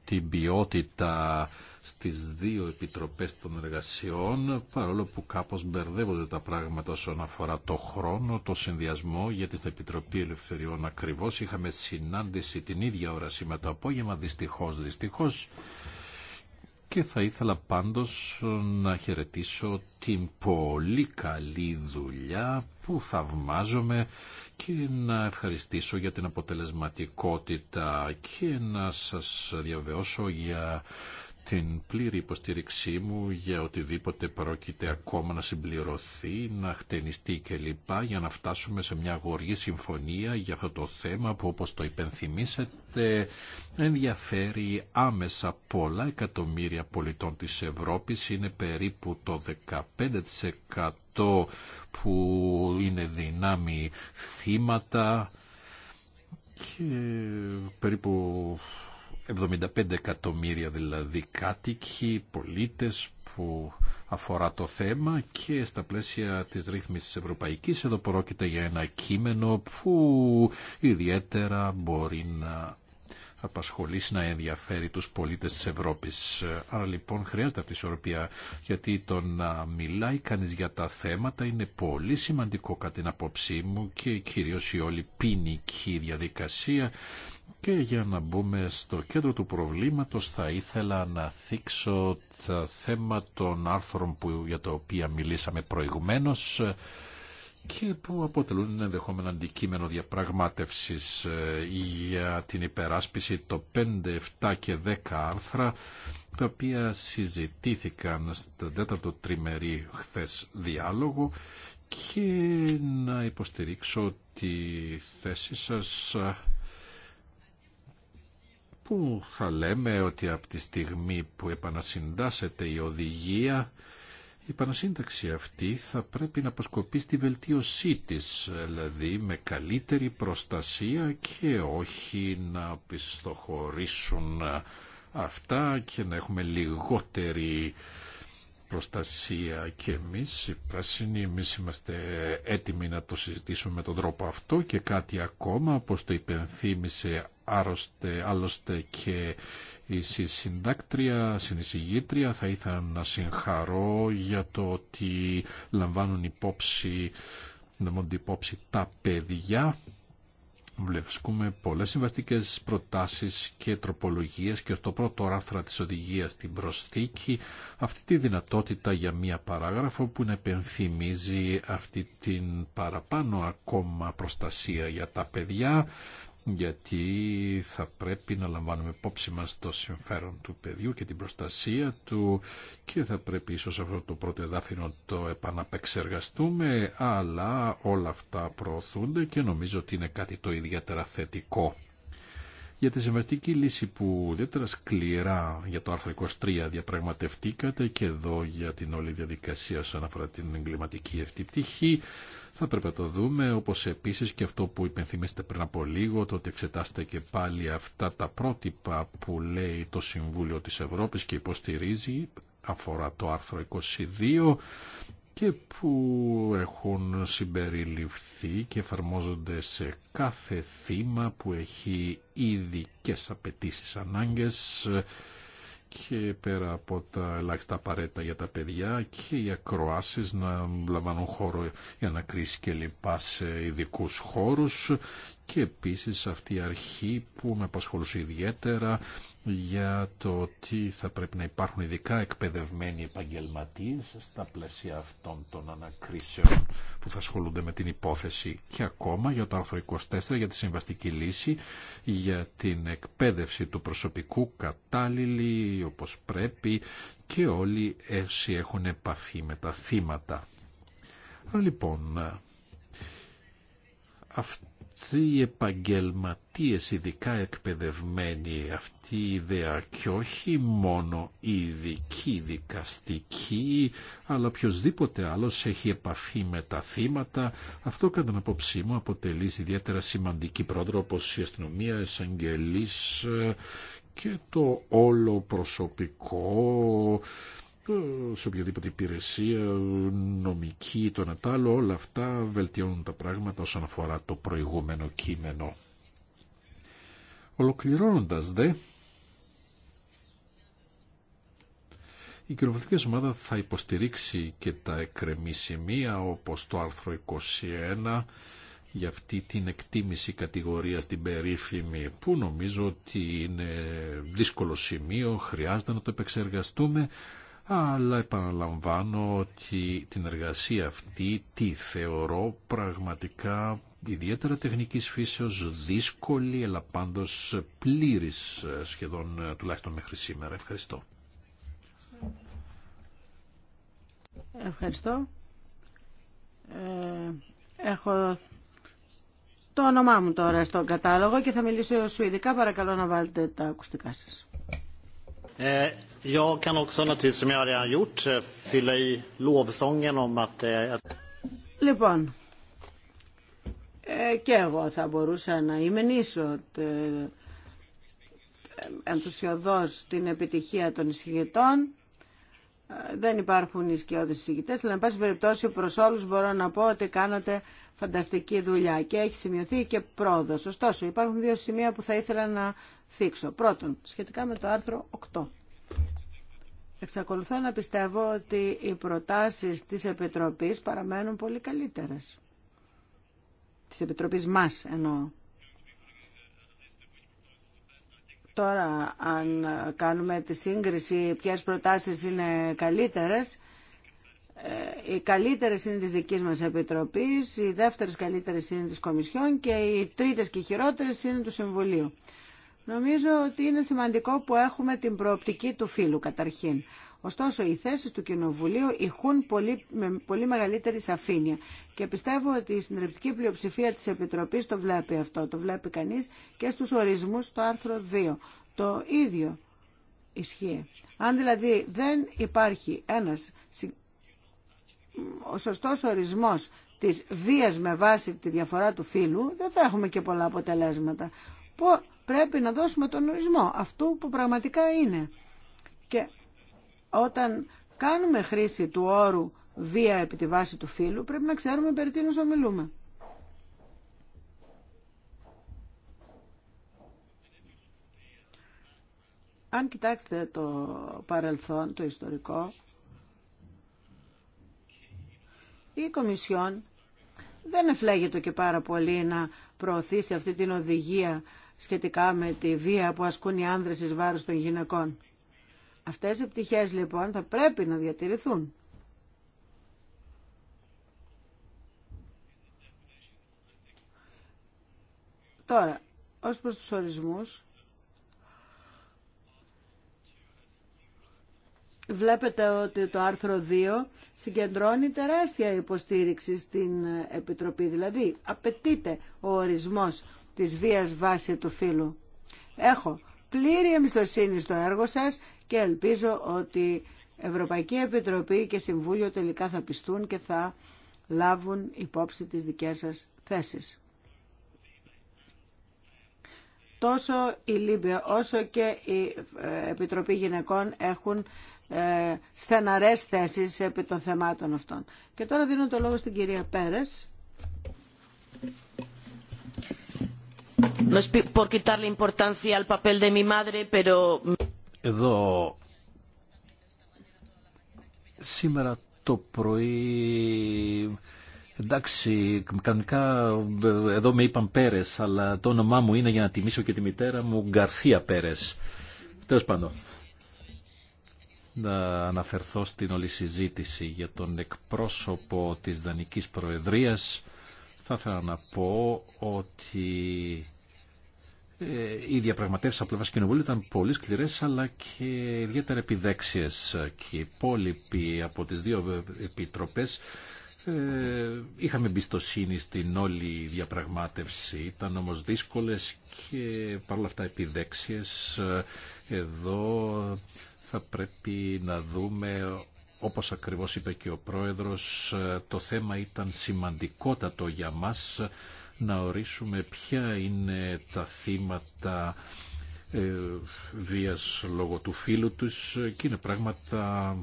την ποιότητα στις δύο επιτροπές των εργασιών, παρόλο που κάπως μπερδεύονται τα πράγματα όσον αφορά το χρόνο, το συνδυασμό, γιατί στην Επιτροπή Ελευθεριών ακριβώς είχαμε συνάντηση την ίδια ώρα σήμερα το απόγευμα, δυστυχώς, δυστυχώς και θα ήθελα πάντως ε, να χαιρετήσω την πολύ καλή δουλειά που θαυμάζομαι και να ευχαριστήσω για την αποτελεσματικότητα και να σας διαβεώσω για την πλήρη υποστήριξή μου για οτιδήποτε πρόκειται ακόμα να συμπληρωθεί, να χτενιστεί κλπ. για να φτάσουμε σε μια γοργή συμφωνία για αυτό το θέμα που όπως το υπενθυμίσετε ενδιαφέρει άμεσα πολλά εκατομμύρια πολιτών της Ευρώπης. Είναι περίπου το 15% που είναι δυνάμει θύματα και περίπου 75 εκατομμύρια δηλαδή κάτοικοι, πολίτες που αφορά το θέμα και στα πλαίσια της ρύθμισης ευρωπαϊκής εδώ πρόκειται για ένα κείμενο που ιδιαίτερα μπορεί να απασχολήσει, να ενδιαφέρει τους πολίτες της Ευρώπης. Άρα λοιπόν χρειάζεται αυτή η ισορροπία, γιατί το να μιλάει κανείς για τα θέματα είναι πολύ σημαντικό κατά την απόψή μου και κυρίως η όλη ποινική διαδικασία και για να μπούμε στο κέντρο του προβλήματος θα ήθελα να θίξω το θέμα των άρθρων που, για τα οποία μιλήσαμε προηγουμένως και που αποτελούν ενδεχόμενα αντικείμενο διαπραγμάτευσης ε, για την υπεράσπιση το 5, 7 και 10 άρθρα τα οποία συζητήθηκαν στο τέταρτο τριμερή χθες διάλογο και να υποστηρίξω τη θέση σας ε, που θα λέμε ότι από τη στιγμή που επανασυντάσσεται η οδηγία η πανασύνταξη αυτή θα πρέπει να αποσκοπεί στη βελτίωσή της, δηλαδή με καλύτερη προστασία και όχι να πιστοχωρήσουν αυτά και να έχουμε λιγότερη προστασία και εμείς οι πράσινοι εμείς είμαστε έτοιμοι να το συζητήσουμε με τον τρόπο αυτό και κάτι ακόμα όπως το υπενθύμησε άρρωστε, άλλωστε και η συνδάκτρία συνεισηγήτρια θα ήθελα να συγχαρώ για το ότι λαμβάνουν υπόψη, λαμβάνουν υπόψη τα παιδιά Βλέπουμε πολλές συμβαστικές προτάσεις και τροπολογίες και στο πρώτο άρθρα της οδηγίας την προσθήκη αυτή τη δυνατότητα για μία παράγραφο που να επενθυμίζει αυτή την παραπάνω ακόμα προστασία για τα παιδιά γιατί θα πρέπει να λαμβάνουμε υπόψη μας το συμφέρον του παιδιού και την προστασία του και θα πρέπει ίσως αυτό το πρώτο εδάφινο το επαναπεξεργαστούμε αλλά όλα αυτά προωθούνται και νομίζω ότι είναι κάτι το ιδιαίτερα θετικό. Για τη συμβαστική λύση που ιδιαίτερα σκληρά για το άρθρο 23 διαπραγματευτήκατε και εδώ για την όλη διαδικασία όσον αφορά την εγκληματική αυτή θα πρέπει να το δούμε, όπως επίσης και αυτό που υπενθυμίσετε πριν από λίγο, το ότι εξετάστε και πάλι αυτά τα πρότυπα που λέει το Συμβούλιο της Ευρώπης και υποστηρίζει, αφορά το άρθρο 22, και που έχουν συμπεριληφθεί και εφαρμόζονται σε κάθε θύμα που έχει ειδικέ απαιτήσει ανάγκες και πέρα από τα ελάχιστα απαραίτητα για τα παιδιά και οι ακροάσει να λαμβάνουν χώρο για να κρίσει και λοιπά σε ειδικού χώρους και επίσης αυτή η αρχή που με απασχολούσε ιδιαίτερα για το ότι θα πρέπει να υπάρχουν ειδικά εκπαιδευμένοι επαγγελματίες στα πλαίσια αυτών των ανακρίσεων που θα ασχολούνται με την υπόθεση και ακόμα για το άρθρο 24 για τη συμβαστική λύση για την εκπαίδευση του προσωπικού κατάλληλη όπως πρέπει και όλοι έτσι έχουν επαφή με τα θύματα. Λοιπόν, αυτό αυτοί οι επαγγελματίες ειδικά εκπαιδευμένοι αυτή η ιδέα και όχι μόνο οι ειδικοί δικαστικοί αλλά οποιοδήποτε άλλο έχει επαφή με τα θύματα αυτό κατά την απόψή μου αποτελεί ιδιαίτερα σημαντική πρόοδο όπως η αστυνομία, ε, και το όλο προσωπικό σε οποιαδήποτε υπηρεσία, νομική, το να άλλο, όλα αυτά βελτιώνουν τα πράγματα όσον αφορά το προηγούμενο κείμενο. Ολοκληρώνοντας δε, η κοινοβουλευτική ομάδα θα υποστηρίξει και τα εκκρεμή σημεία όπως το άρθρο 21 για αυτή την εκτίμηση κατηγορίας την περίφημη που νομίζω ότι είναι δύσκολο σημείο, χρειάζεται να το επεξεργαστούμε αλλά επαναλαμβάνω ότι την εργασία αυτή τη θεωρώ πραγματικά ιδιαίτερα τεχνικής φύσεως δύσκολη, αλλά πάντως πλήρης ε, σχεδόν ε, τουλάχιστον μέχρι σήμερα. Ευχαριστώ. Ευχαριστώ. Ε, έχω το όνομά μου τώρα στον κατάλογο και θα μιλήσω σου ειδικά. Παρακαλώ να βάλετε τα ακουστικά σας. Eh, jag kan också naturligtvis, som jag redan gjort, eh, fylla i lovsången om att... Λοιπόν, ε, και εγώ θα μπορούσα να ημενήσω ε, ενθουσιοδός την επιτυχία των ισχυριτών δεν υπάρχουν ισχυώδει συζητητές, αλλά εν πάση περιπτώσει προς όλους μπορώ να πω ότι κάνατε φανταστική δουλειά και έχει σημειωθεί και πρόοδος. Ωστόσο, υπάρχουν δύο σημεία που θα ήθελα να θίξω. Πρώτον, σχετικά με το άρθρο 8. Εξακολουθώ να πιστεύω ότι οι προτάσεις της Επιτροπής παραμένουν πολύ καλύτερες. Της Επιτροπής μας εννοώ. Τώρα, αν κάνουμε τη σύγκριση ποιες προτάσεις είναι καλύτερες, ε, οι καλύτερες είναι της δικής μας Επιτροπής, οι δεύτερες καλύτερες είναι της Κομισιόν και οι τρίτες και χειρότερες είναι του Συμβουλίου. Νομίζω ότι είναι σημαντικό που έχουμε την προοπτική του φίλου καταρχήν. Ωστόσο, οι θέσεις του Κοινοβουλίου ηχούν πολύ, με πολύ μεγαλύτερη σαφήνεια και πιστεύω ότι η συντριπτική πλειοψηφία της Επιτροπής το βλέπει αυτό. Το βλέπει κανείς και στους ορισμούς στο άρθρο 2. Το ίδιο ισχύει. Αν δηλαδή δεν υπάρχει ένας ο σωστός ορισμός της βίας με βάση τη διαφορά του φύλου, δεν θα έχουμε και πολλά αποτελέσματα. πρέπει να δώσουμε τον ορισμό αυτού που πραγματικά είναι. Και όταν κάνουμε χρήση του όρου βία επί τη βάση του φύλου, πρέπει να ξέρουμε περί τίνος ομιλούμε. Αν κοιτάξετε το παρελθόν, το ιστορικό, η Κομισιόν δεν εφλέγεται και πάρα πολύ να προωθήσει αυτή την οδηγία σχετικά με τη βία που ασκούν οι άνδρες εις βάρος των γυναικών. Αυτές οι πτυχές λοιπόν θα πρέπει να διατηρηθούν. Τώρα, ως προς τους ορισμούς, βλέπετε ότι το άρθρο 2 συγκεντρώνει τεράστια υποστήριξη στην Επιτροπή. Δηλαδή, απαιτείται ο ορισμός της βίας βάση του φύλου. Έχω πλήρη εμπιστοσύνη στο έργο σας και ελπίζω ότι Ευρωπαϊκή Επιτροπή και Συμβούλιο τελικά θα πιστούν και θα λάβουν υπόψη τις δικές σας θέσεις. Τόσο η Λίμπια όσο και η ε, Επιτροπή Γυναικών έχουν ε, στεναρές θέσεις επί των θεμάτων αυτών. Και τώρα δίνω το λόγο στην κυρία Πέρες. Εδώ σήμερα το πρωί εντάξει κανονικά εδώ με είπαν Πέρες αλλά το όνομά μου είναι για να τιμήσω και τη μητέρα μου Γκαρθία Πέρες τέλος πάντων να αναφερθώ στην όλη συζήτηση για τον εκπρόσωπο της Δανικής Προεδρίας θα ήθελα να πω ότι ε, οι διαπραγματεύσει από πλευρά κοινοβούλου ήταν πολύ σκληρέ αλλά και ιδιαίτερα επιδέξιε. Και οι υπόλοιποι από τι δύο επιτροπέ ε, είχαμε εμπιστοσύνη στην όλη διαπραγμάτευση. Ήταν όμω δύσκολε και παρόλα αυτά επιδέξιες. Εδώ θα πρέπει να δούμε, όπως ακριβώς είπε και ο Πρόεδρος, το θέμα ήταν σημαντικότατο για μας να ορίσουμε ποια είναι τα θύματα ε, βίας λόγω του φίλου τους και είναι πράγματα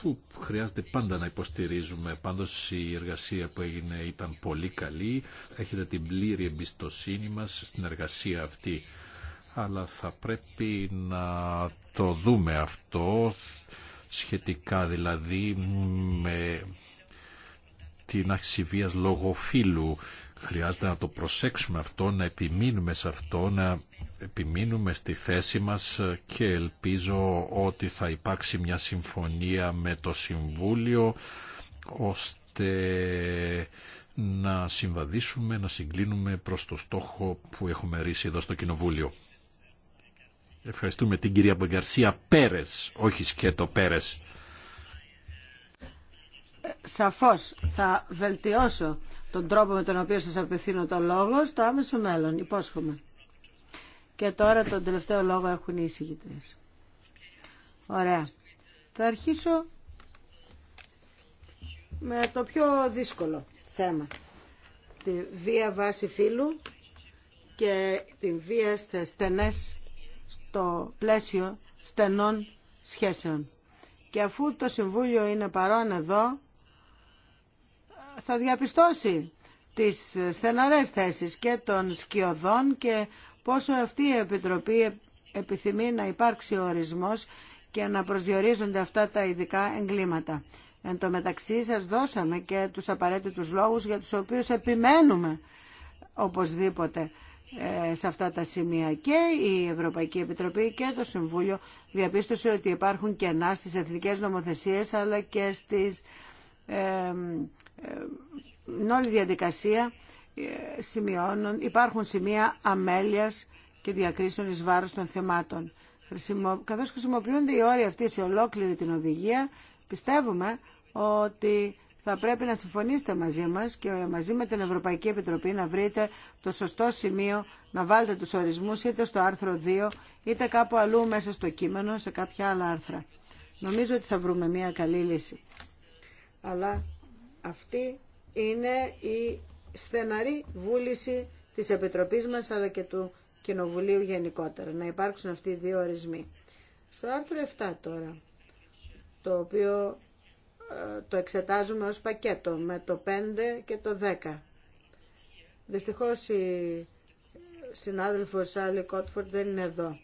που χρειάζεται πάντα να υποστηρίζουμε. Πάντως η εργασία που έγινε ήταν πολύ καλή. Έχετε την πλήρη εμπιστοσύνη μας στην εργασία αυτή. Αλλά θα πρέπει να το δούμε αυτό σχετικά δηλαδή με την άξη βίας λόγω φύλου Χρειάζεται να το προσέξουμε αυτό, να επιμείνουμε σε αυτό, να επιμείνουμε στη θέση μας και ελπίζω ότι θα υπάρξει μια συμφωνία με το Συμβούλιο ώστε να συμβαδίσουμε, να συγκλίνουμε προς το στόχο που έχουμε ρίσει εδώ στο Κοινοβούλιο. Ευχαριστούμε την κυρία Μπογκαρσία Πέρες, όχι Σκέτο Πέρες σαφώς θα βελτιώσω τον τρόπο με τον οποίο σας απευθύνω το λόγο στο άμεσο μέλλον, υπόσχομαι. Και τώρα τον τελευταίο λόγο έχουν οι εισηγητές. Ωραία. Θα αρχίσω με το πιο δύσκολο θέμα. Τη βία βάση φύλου και τη βία σε στενές στο πλαίσιο στενών σχέσεων. Και αφού το Συμβούλιο είναι παρόν εδώ, θα διαπιστώσει τις στεναρές θέσεις και των σκιωδών και πόσο αυτή η Επιτροπή επιθυμεί να υπάρξει ορισμός και να προσδιορίζονται αυτά τα ειδικά εγκλήματα. Εν τω μεταξύ σας δώσαμε και τους απαραίτητους λόγους για τους οποίους επιμένουμε οπωσδήποτε ε, σε αυτά τα σημεία και η Ευρωπαϊκή Επιτροπή και το Συμβούλιο διαπίστωσε ότι υπάρχουν κενά στις εθνικές νομοθεσίες αλλά και στις όλη διαδικασία ε, σημειώνουν, υπάρχουν σημεία αμέλειας και διακρίσεων εις βάρος των θεμάτων. Χρησιμο, καθώς χρησιμοποιούνται οι όροι αυτοί σε ολόκληρη την οδηγία, πιστεύουμε ότι θα πρέπει να συμφωνήσετε μαζί μας και μαζί με την Ευρωπαϊκή Επιτροπή να βρείτε το σωστό σημείο να βάλετε τους ορισμούς είτε στο άρθρο 2 είτε κάπου αλλού μέσα στο κείμενο σε κάποια άλλα άρθρα. Νομίζω ότι θα βρούμε μια καλή λύση αλλά αυτή είναι η στεναρή βούληση της Επιτροπής μας αλλά και του Κοινοβουλίου γενικότερα, να υπάρξουν αυτοί οι δύο ορισμοί. Στο άρθρο 7 τώρα, το οποίο ε, το εξετάζουμε ως πακέτο με το 5 και το 10. Δυστυχώς η συνάδελφος άλλη Κότφορντ δεν είναι εδώ.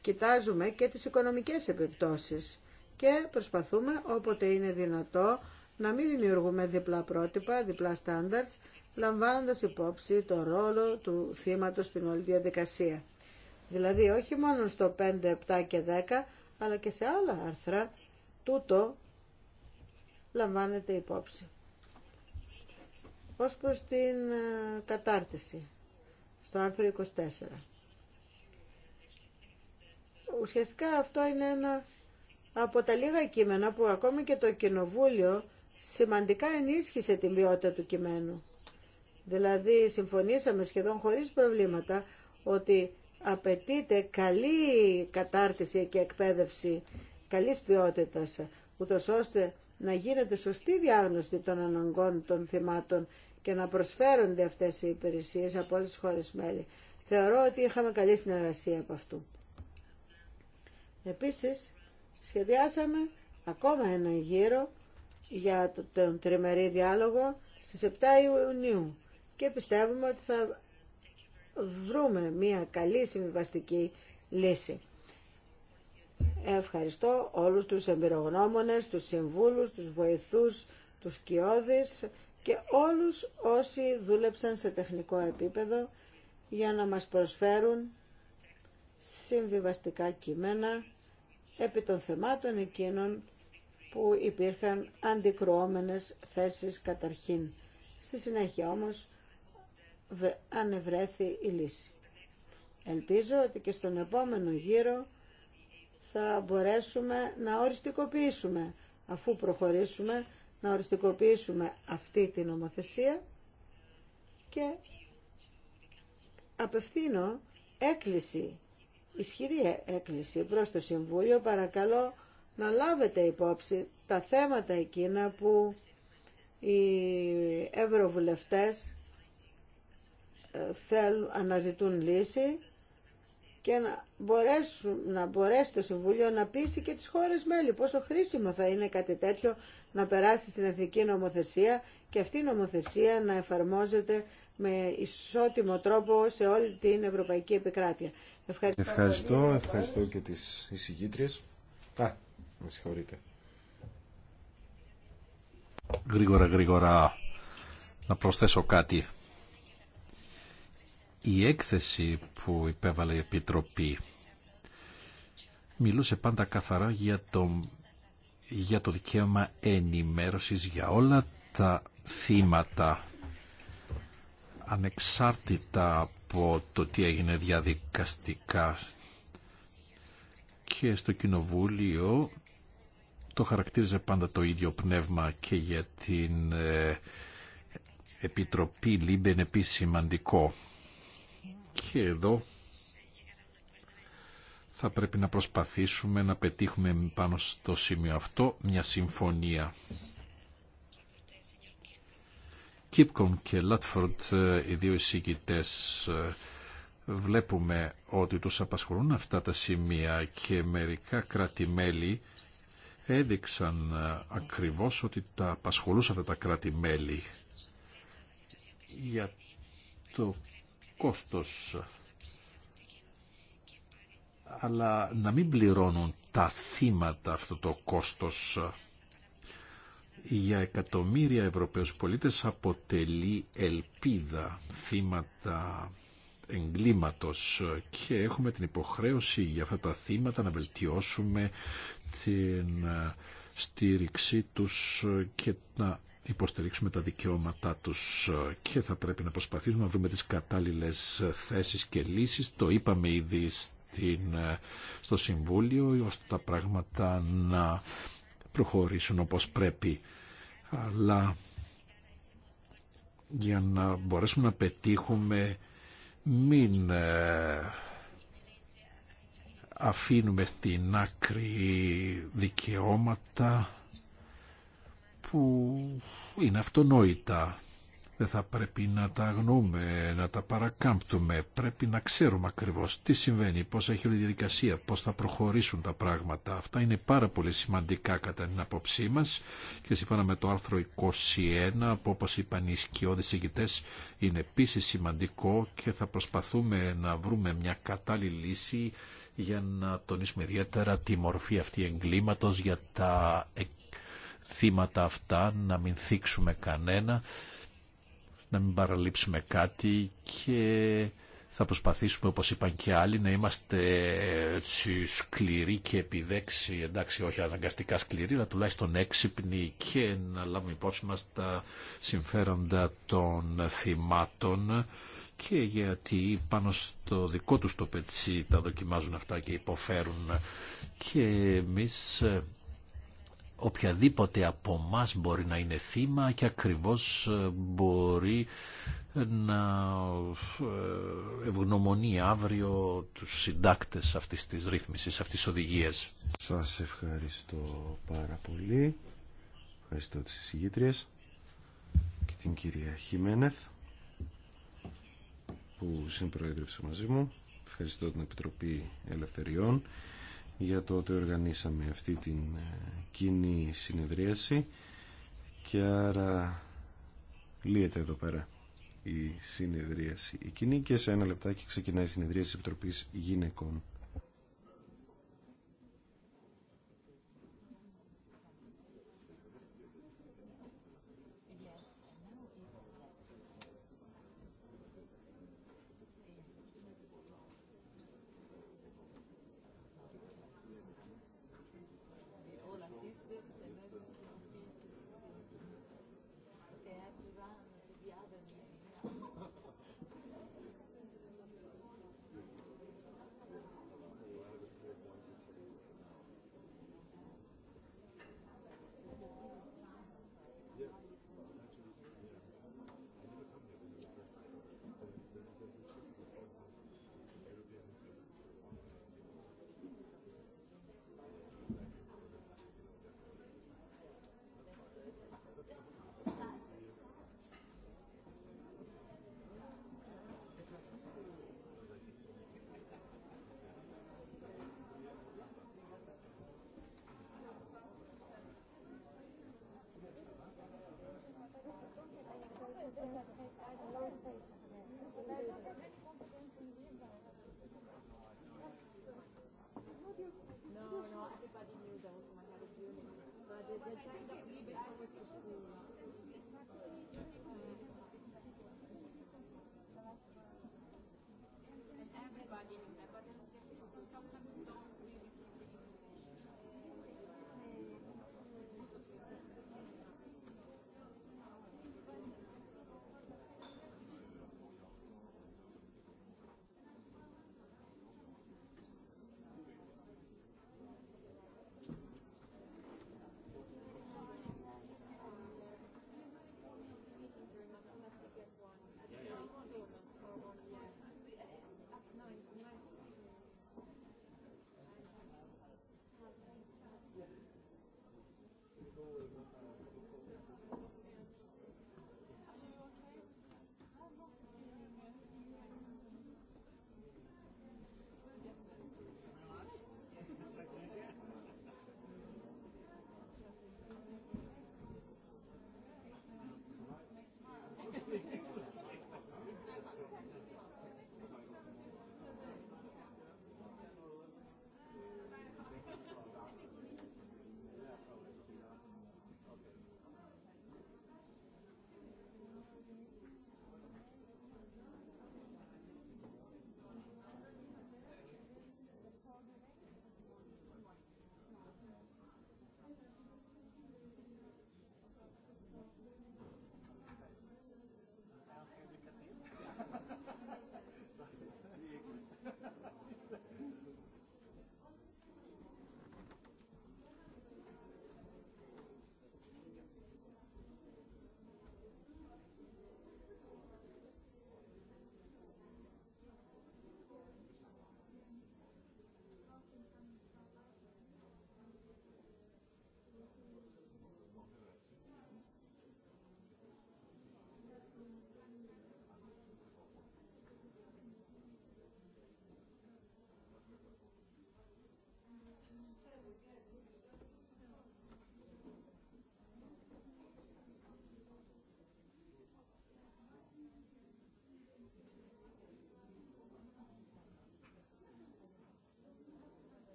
Κοιτάζουμε και τις οικονομικές επιπτώσεις και προσπαθούμε όποτε είναι δυνατό να μην δημιουργούμε διπλά πρότυπα, διπλά στάνταρτς, λαμβάνοντας υπόψη το ρόλο του θύματος στην όλη διαδικασία. Δηλαδή όχι μόνο στο 5, 7 και 10, αλλά και σε άλλα άρθρα, τούτο λαμβάνεται υπόψη. Ως προς την ε, κατάρτιση, στο άρθρο 24. Ουσιαστικά αυτό είναι ένα από τα λίγα κείμενα που ακόμη και το Κοινοβούλιο σημαντικά ενίσχυσε την ποιότητα του κειμένου. Δηλαδή συμφωνήσαμε σχεδόν χωρίς προβλήματα ότι απαιτείται καλή κατάρτιση και εκπαίδευση καλής ποιότητας, ούτως ώστε να γίνεται σωστή διάγνωση των αναγκών των θυμάτων και να προσφέρονται αυτές οι υπηρεσίες από όλες τις χώρες μέλη. Θεωρώ ότι είχαμε καλή συνεργασία από αυτού. Επίσης, σχεδιάσαμε ακόμα ένα γύρο για τον τριμερή διάλογο στις 7 Ιουνίου και πιστεύουμε ότι θα βρούμε μια καλή συμβιβαστική λύση. Ευχαριστώ όλους τους εμπειρογνώμονες, τους συμβούλους, τους βοηθούς, τους κοιόδης και όλους όσοι δούλεψαν σε τεχνικό επίπεδο για να μας προσφέρουν συμβιβαστικά κείμενα επί των θεμάτων εκείνων που υπήρχαν αντικρουόμενες θέσεις καταρχήν. Στη συνέχεια όμως ανεβρέθη η λύση. Ελπίζω ότι και στον επόμενο γύρο θα μπορέσουμε να οριστικοποιήσουμε, αφού προχωρήσουμε, να οριστικοποιήσουμε αυτή την νομοθεσία και απευθύνω έκκληση, ισχυρή έκκληση προς το Συμβούλιο, παρακαλώ να λάβετε υπόψη τα θέματα εκείνα που οι ευρωβουλευτές ε, θέλουν, αναζητούν λύση και να, μπορέσουν, να μπορέσει το Συμβούλιο να πείσει και τις χώρες μέλη πόσο χρήσιμο θα είναι κάτι τέτοιο να περάσει στην εθνική νομοθεσία και αυτή η νομοθεσία να εφαρμόζεται με ισότιμο τρόπο σε όλη την ευρωπαϊκή επικράτεια. Ευχαριστώ, ευχαριστώ, ευχαριστώ και τις εισηγήτριες. Με συγχωρείτε. Γρήγορα, γρήγορα να προσθέσω κάτι. Η έκθεση που υπέβαλε η Επιτροπή μιλούσε πάντα καθαρά για το, το δικαίωμα ενημέρωσης για όλα τα θύματα ανεξάρτητα από το τι έγινε διαδικαστικά και στο Κοινοβούλιο το χαρακτήριζε πάντα το ίδιο πνεύμα και για την ε, Επιτροπή Λίμπε είναι σημαντικό. Και εδώ θα πρέπει να προσπαθήσουμε να πετύχουμε πάνω στο σημείο αυτό μια συμφωνία. Κίπκον και Λάτφορντ, ε, οι δύο εισηγητές, ε, βλέπουμε ότι τους απασχολούν αυτά τα σημεία και μερικά κράτη-μέλη έδειξαν ε, ακριβώς ότι τα απασχολούσαν τα κράτη-μέλη για το κόστος αλλά να μην πληρώνουν τα θύματα αυτό το κόστος για εκατομμύρια Ευρωπαίους πολίτες αποτελεί ελπίδα θύματα εγκλήματος και έχουμε την υποχρέωση για αυτά τα θύματα να βελτιώσουμε την ε, στήριξή τους και να υποστηρίξουμε τα δικαιώματά τους ε, και θα πρέπει να προσπαθήσουμε να βρούμε τις κατάλληλες θέσεις και λύσεις. Το είπαμε ήδη ε, στο Συμβούλιο ώστε τα πράγματα να προχωρήσουν όπως πρέπει. Αλλά για να μπορέσουμε να πετύχουμε μην αφήνουμε στην άκρη δικαιώματα που είναι αυτονόητα. Δεν θα πρέπει να τα αγνοούμε, να τα παρακάμπτουμε. Πρέπει να ξέρουμε ακριβώς τι συμβαίνει, πώς έχει όλη η διαδικασία, πώς θα προχωρήσουν τα πράγματα. Αυτά είναι πάρα πολύ σημαντικά κατά την απόψή μας και σύμφωνα με το άρθρο 21, που όπως είπαν οι σκιώδεις ηγητές, είναι επίση σημαντικό και θα προσπαθούμε να βρούμε μια κατάλληλη λύση για να τονίσουμε ιδιαίτερα τη μορφή αυτή εγκλήματος για τα θύματα αυτά, να μην θίξουμε κανένα, να μην παραλείψουμε κάτι και θα προσπαθήσουμε όπως είπαν και άλλοι να είμαστε σκληροί και επιδέξει, εντάξει όχι αναγκαστικά σκληροί, αλλά τουλάχιστον έξυπνοι και να λάβουμε υπόψη μας τα συμφέροντα των θυμάτων και γιατί πάνω στο δικό τους το πετσί τα δοκιμάζουν αυτά και υποφέρουν και εμείς ε, οποιαδήποτε από εμά μπορεί να είναι θύμα και ακριβώς ε, μπορεί ε, να ευγνωμονεί αύριο τους συντάκτες αυτής της ρύθμισης, αυτής της οδηγίας. Σας ευχαριστώ πάρα πολύ. Ευχαριστώ τις εισηγήτριες και την κυρία Χιμένεθ που συμπροέδρευσε μαζί μου. Ευχαριστώ την Επιτροπή Ελευθεριών για το ότι οργανίσαμε αυτή την ε, κοινή συνεδρίαση και άρα λύεται εδώ πέρα η συνεδρίαση η κοινή και σε ένα λεπτάκι ξεκινάει η συνεδρίαση της Επιτροπής Γυναικών.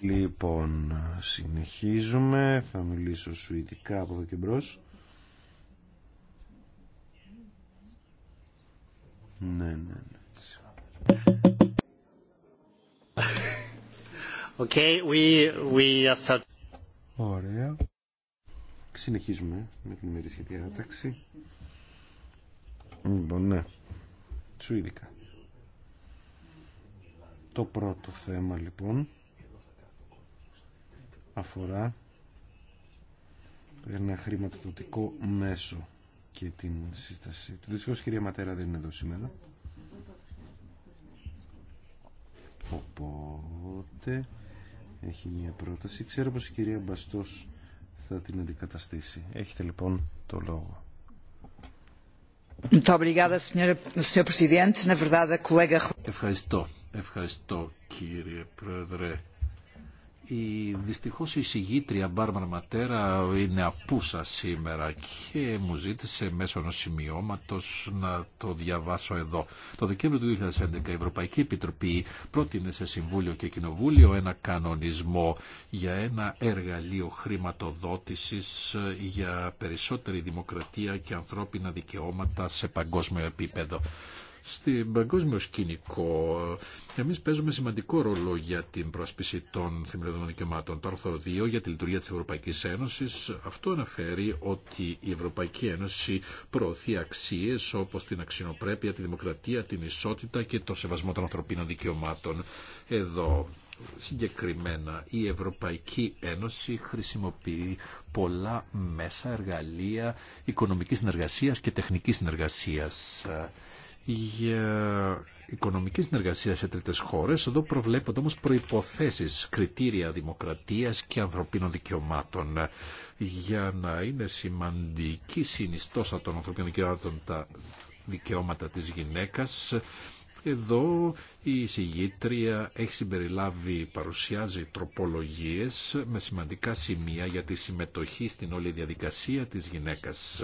Λοιπόν, συνεχίζουμε. Θα μιλήσω σουηδικά από εδώ και μπρος. Ναι, ναι, ναι. [LAUGHS] Okay, we, we start... Ωραία. Συνεχίζουμε με την ημερήσια διάταξη. Λοιπόν, ναι. Σουηδικά. Το πρώτο θέμα λοιπόν αφορά ένα χρηματοδοτικό μέσο και την σύσταση του. Δυστυχώς κυρία Ματέρα δεν είναι εδώ σήμερα. Οπότε έχει μια πρόταση. Ξέρω πως η κυρία Μπαστός θα την αντικαταστήσει. Έχετε λοιπόν το λόγο. Ευχαριστώ. Ευχαριστώ κύριε Πρόεδρε. Η, δυστυχώς η συγγήτρια Μπάρμαρ Ματέρα είναι απούσα σήμερα και μου ζήτησε μέσω ενός σημειώματος να το διαβάσω εδώ. Το Δεκέμβριο του 2011 η Ευρωπαϊκή Επιτροπή πρότεινε σε Συμβούλιο και Κοινοβούλιο ένα κανονισμό για ένα εργαλείο χρηματοδότησης ε, για περισσότερη δημοκρατία και ανθρώπινα δικαιώματα σε παγκόσμιο επίπεδο στην παγκόσμιο σκηνικό. Εμείς παίζουμε σημαντικό ρόλο για την πρόσπιση των θεμελιωδών δικαιωμάτων. Το άρθρο 2 για τη λειτουργία της Ευρωπαϊκής Ένωσης αυτό αναφέρει ότι η Ευρωπαϊκή Ένωση προωθεί αξίες όπως την αξινοπρέπεια, τη δημοκρατία, την ισότητα και το σεβασμό των ανθρωπίνων δικαιωμάτων. Εδώ συγκεκριμένα η Ευρωπαϊκή Ένωση χρησιμοποιεί πολλά μέσα εργαλεία οικονομικής συνεργασίας και τεχνικής συνεργασίας για οικονομική συνεργασία σε τρίτες χώρε Εδώ προβλέπονται όμω προϋποθέσεις, κριτήρια δημοκρατίας και ανθρωπίνων δικαιωμάτων για να είναι σημαντική συνιστόσα των ανθρωπίνων δικαιωμάτων τα δικαιώματα της γυναίκας εδώ η συγγήτρια έχει συμπεριλάβει, παρουσιάζει τροπολογίες με σημαντικά σημεία για τη συμμετοχή στην όλη διαδικασία της γυναίκας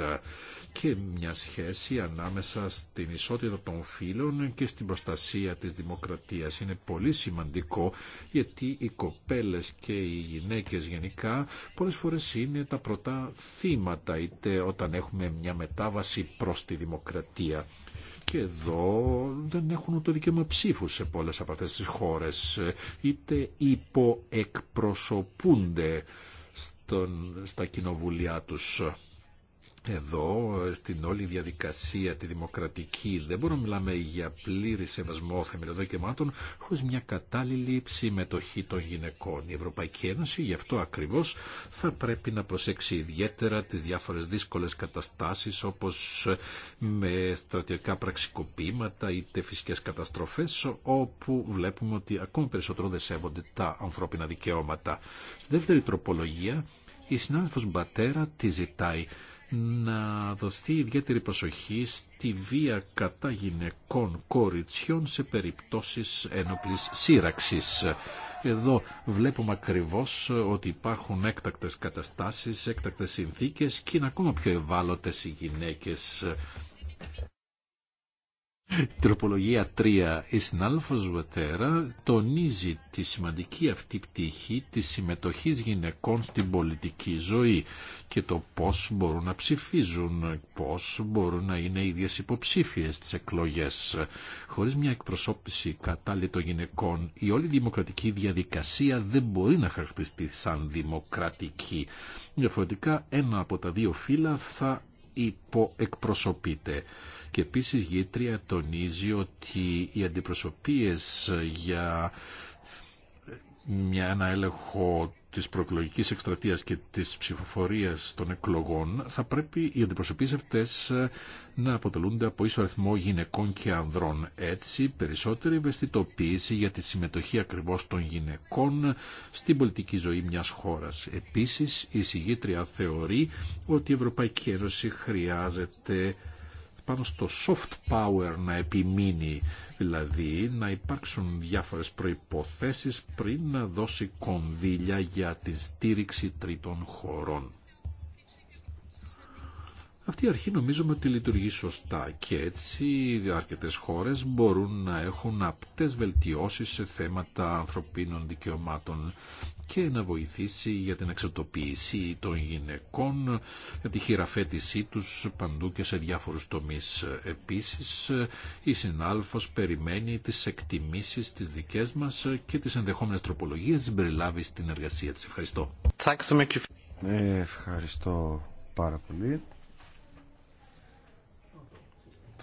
και μια σχέση ανάμεσα στην ισότητα των φύλων και στην προστασία της δημοκρατίας. Είναι πολύ σημαντικό γιατί οι κοπέλες και οι γυναίκες γενικά πολλές φορές είναι τα πρώτα θύματα είτε όταν έχουμε μια μετάβαση προς τη δημοκρατία και εδώ δεν έχουν το δικαίωμα ψήφου σε πολλές από αυτές τις χώρες, είτε υποεκπροσωπούνται στον, στα κοινοβουλιά τους εδώ στην όλη διαδικασία τη δημοκρατική δεν μπορούμε να μιλάμε για πλήρη σεβασμό θεμελιωδών δικαιωμάτων χωρίς μια κατάλληλη συμμετοχή των γυναικών. Η Ευρωπαϊκή Ένωση γι' αυτό ακριβώς θα πρέπει να προσέξει ιδιαίτερα τις διάφορες δύσκολες καταστάσεις όπως με στρατιωτικά πραξικοπήματα είτε φυσικές καταστροφές όπου βλέπουμε ότι ακόμη περισσότερο δεν σέβονται τα ανθρώπινα δικαιώματα. Στη δεύτερη τροπολογία η συνάδελφο Μπατέρα τη ζητάει να δοθεί ιδιαίτερη προσοχή στη βία κατά γυναικών κοριτσιών σε περιπτώσεις ένοπλης σύραξης. Εδώ βλέπουμε ακριβώς ότι υπάρχουν έκτακτες καταστάσεις, έκτακτες συνθήκες και είναι ακόμα πιο ευάλωτες οι γυναίκες Τροπολογία 3. Η συνάλφο τονίζει τη σημαντική αυτή πτυχή της συμμετοχής γυναικών στην πολιτική ζωή και το πώς μπορούν να ψηφίζουν, πώς μπορούν να είναι ίδιες υποψήφιες στις εκλογές. Χωρίς μια εκπροσώπηση κατάλληλη των γυναικών, η όλη δημοκρατική διαδικασία δεν μπορεί να χαρακτηριστεί σαν δημοκρατική. Διαφορετικά ένα από τα δύο φύλλα θα υποεκπροσωπείται. Και επίση η γήτρια τονίζει ότι οι αντιπροσωπείες για μια, ένα έλεγχο της προεκλογικής εκστρατείας και της ψηφοφορία των εκλογών θα πρέπει οι αντιπροσωπείε αυτέ να αποτελούνται από ίσο αριθμό γυναικών και ανδρών. Έτσι, περισσότερη ευαισθητοποίηση για τη συμμετοχή ακριβώ των γυναικών στην πολιτική ζωή μια χώρας. Επίση, η συγγήτρια θεωρεί ότι η Ευρωπαϊκή Ένωση χρειάζεται πάνω στο soft power να επιμείνει, δηλαδή να υπάρξουν διάφορες προϋποθέσεις πριν να δώσει κονδύλια για τη στήριξη τρίτων χωρών. Αυτή η αρχή νομίζουμε ότι λειτουργεί σωστά και έτσι οι αρκετές χώρες μπορούν να έχουν απτές βελτιώσεις σε θέματα ανθρωπίνων δικαιωμάτων και να βοηθήσει για την εξωτοποίηση των γυναικών, για τη χειραφέτησή τους παντού και σε διάφορους τομείς. Επίσης, η συνάλφος περιμένει τις εκτιμήσεις της δικές μας και τις ενδεχόμενες τροπολογίες της περιλάβει στην εργασία της. Ευχαριστώ. Ε, ευχαριστώ πάρα πολύ.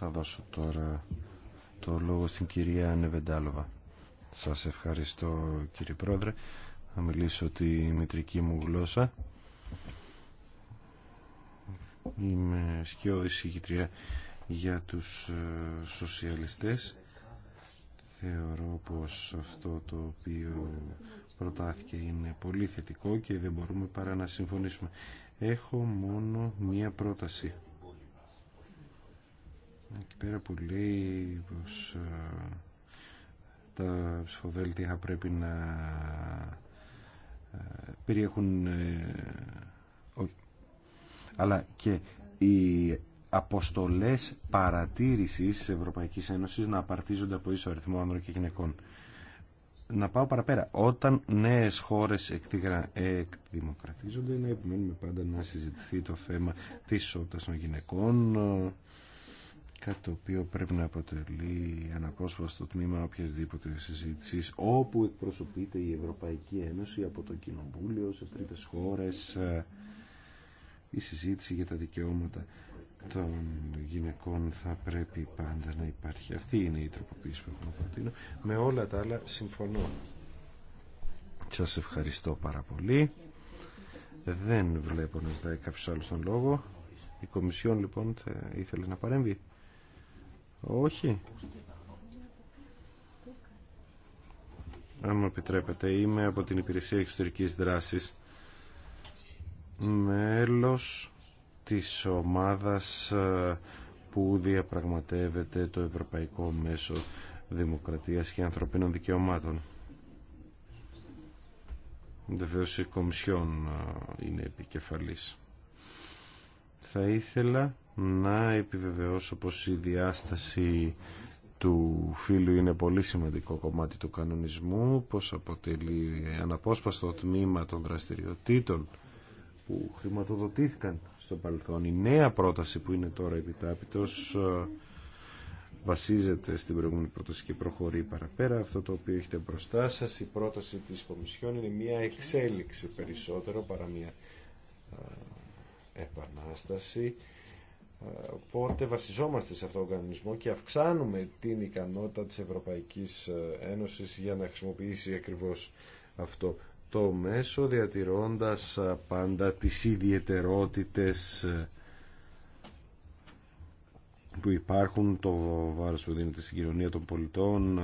Θα δώσω τώρα το λόγο στην κυρία Νεβεντάλοβα. Σας ευχαριστώ κύριε Πρόεδρε. Θα μιλήσω τη μητρική μου γλώσσα. Είμαι σκιώδη συγκητρία για τους ε, σοσιαλιστές. Θεωρώ πως αυτό το οποίο προτάθηκε είναι πολύ θετικό και δεν μπορούμε παρά να συμφωνήσουμε. Έχω μόνο μία πρόταση εκεί πέρα που λέει πως ε, τα ψηφοδέλτια πρέπει να ε, περιέχουν ε, αλλά και οι αποστολές παρατήρησης της Ευρωπαϊκής Ένωσης να απαρτίζονται από ίσο αριθμό άνδρων και γυναικών. Να πάω παραπέρα. Όταν νέες χώρες εκδημοκρατίζονται, να επιμένουμε πάντα να συζητηθεί το θέμα της ισότητας των γυναικών, κάτι το οποίο πρέπει να αποτελεί αναπόσπαστο τμήμα οποιασδήποτε συζήτηση όπου εκπροσωπείται η Ευρωπαϊκή Ένωση από το Κοινοβούλιο σε τρίτες χώρες ε, η συζήτηση για τα δικαιώματα των γυναικών θα πρέπει πάντα να υπάρχει αυτή είναι η τροποποίηση που έχουμε προτείνω με όλα τα άλλα συμφωνώ σας ευχαριστώ πάρα πολύ δεν βλέπω να ζητάει κάποιος άλλος τον λόγο η Κομισιόν λοιπόν ήθελε να παρέμβει όχι. Αν μου επιτρέπετε, είμαι από την Υπηρεσία Εξωτερικής Δράσης, μέλος της ομάδας ε, που διαπραγματεύεται το Ευρωπαϊκό Μέσο Δημοκρατίας και Ανθρωπίνων Δικαιωμάτων. Βεβαίω η Κομισιόν ε, είναι επικεφαλής. Θα ήθελα να επιβεβαιώσω πως η διάσταση του φίλου είναι πολύ σημαντικό κομμάτι του κανονισμού, πως αποτελεί αναπόσπαστο τμήμα των δραστηριοτήτων που χρηματοδοτήθηκαν στο παρελθόν. Η νέα πρόταση που είναι τώρα επιτάπητος ε, βασίζεται στην προηγούμενη πρόταση και προχωρεί παραπέρα. Αυτό το οποίο έχετε μπροστά σας, η πρόταση της Κομισιόν είναι μια εξέλιξη περισσότερο παρά μια ε, επανάσταση. Οπότε βασιζόμαστε σε αυτόν τον κανονισμό και αυξάνουμε την ικανότητα της Ευρωπαϊκής Ένωσης για να χρησιμοποιήσει ακριβώς αυτό το μέσο διατηρώντας πάντα τις ιδιαιτερότητες που υπάρχουν, το βάρος που δίνεται στην κοινωνία των πολιτών,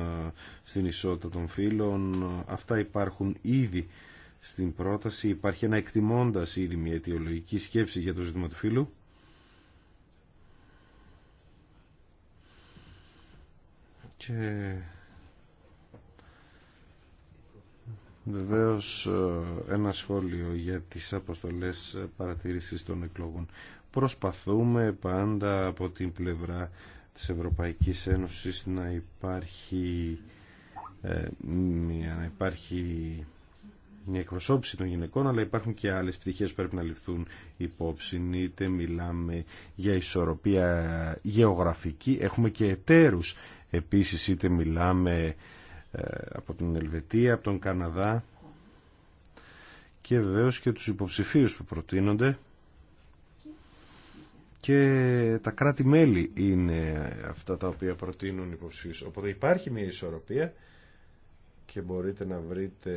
στην ισότητα των φύλων, αυτά υπάρχουν ήδη στην πρόταση υπάρχει ένα εκτιμώντας ήδη μια αιτιολογική σκέψη για το ζήτημα του φύλου. Και βεβαίως ε, ένα σχόλιο για τις αποστολές παρατήρησης των εκλογών. Προσπαθούμε πάντα από την πλευρά της Ευρωπαϊκής Ένωσης να υπάρχει, ε, να υπάρχει η εκπροσώπηση των γυναικών, αλλά υπάρχουν και άλλες πτυχές που πρέπει να ληφθούν υπόψη. Είτε μιλάμε για ισορροπία γεωγραφική, έχουμε και εταίρους επίσης, είτε μιλάμε ε, από την Ελβετία, από τον Καναδά και βεβαίω και τους υποψηφίους που προτείνονται και τα κράτη-μέλη είναι αυτά τα οποία προτείνουν υποψηφίους. Οπότε υπάρχει μια ισορροπία και μπορείτε να βρείτε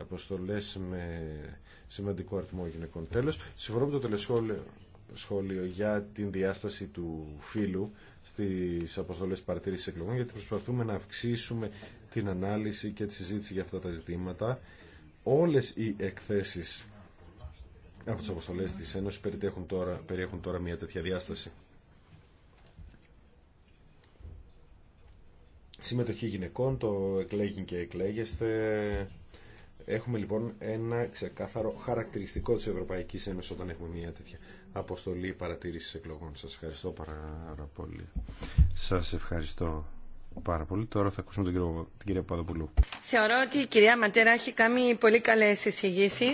αποστολές με σημαντικό αριθμό γυναικών. Τέλος, συμφωνώ με το τελεσχόλιο σχόλιο για την διάσταση του φύλου στις αποστολές παρατήρησης εκλογών γιατί προσπαθούμε να αυξήσουμε την ανάλυση και τη συζήτηση για αυτά τα ζητήματα. Όλες οι εκθέσεις από τις αποστολές της Ένωσης περιέχουν τώρα, περιέχουν τώρα μια τέτοια διάσταση. συμμετοχή γυναικών, το εκλέγει και εκλέγεστε. Έχουμε λοιπόν ένα ξεκάθαρο χαρακτηριστικό της Ευρωπαϊκής Ένωσης όταν έχουμε μια τέτοια αποστολή παρατήρησης εκλογών. Σας ευχαριστώ πάρα πολύ. Σας ευχαριστώ πάρα πολύ. Τώρα θα ακούσουμε τον κύριο, την κυρία Παδοπουλού. Θεωρώ ότι η κυρία Ματέρα έχει κάνει πολύ καλές εισηγήσει.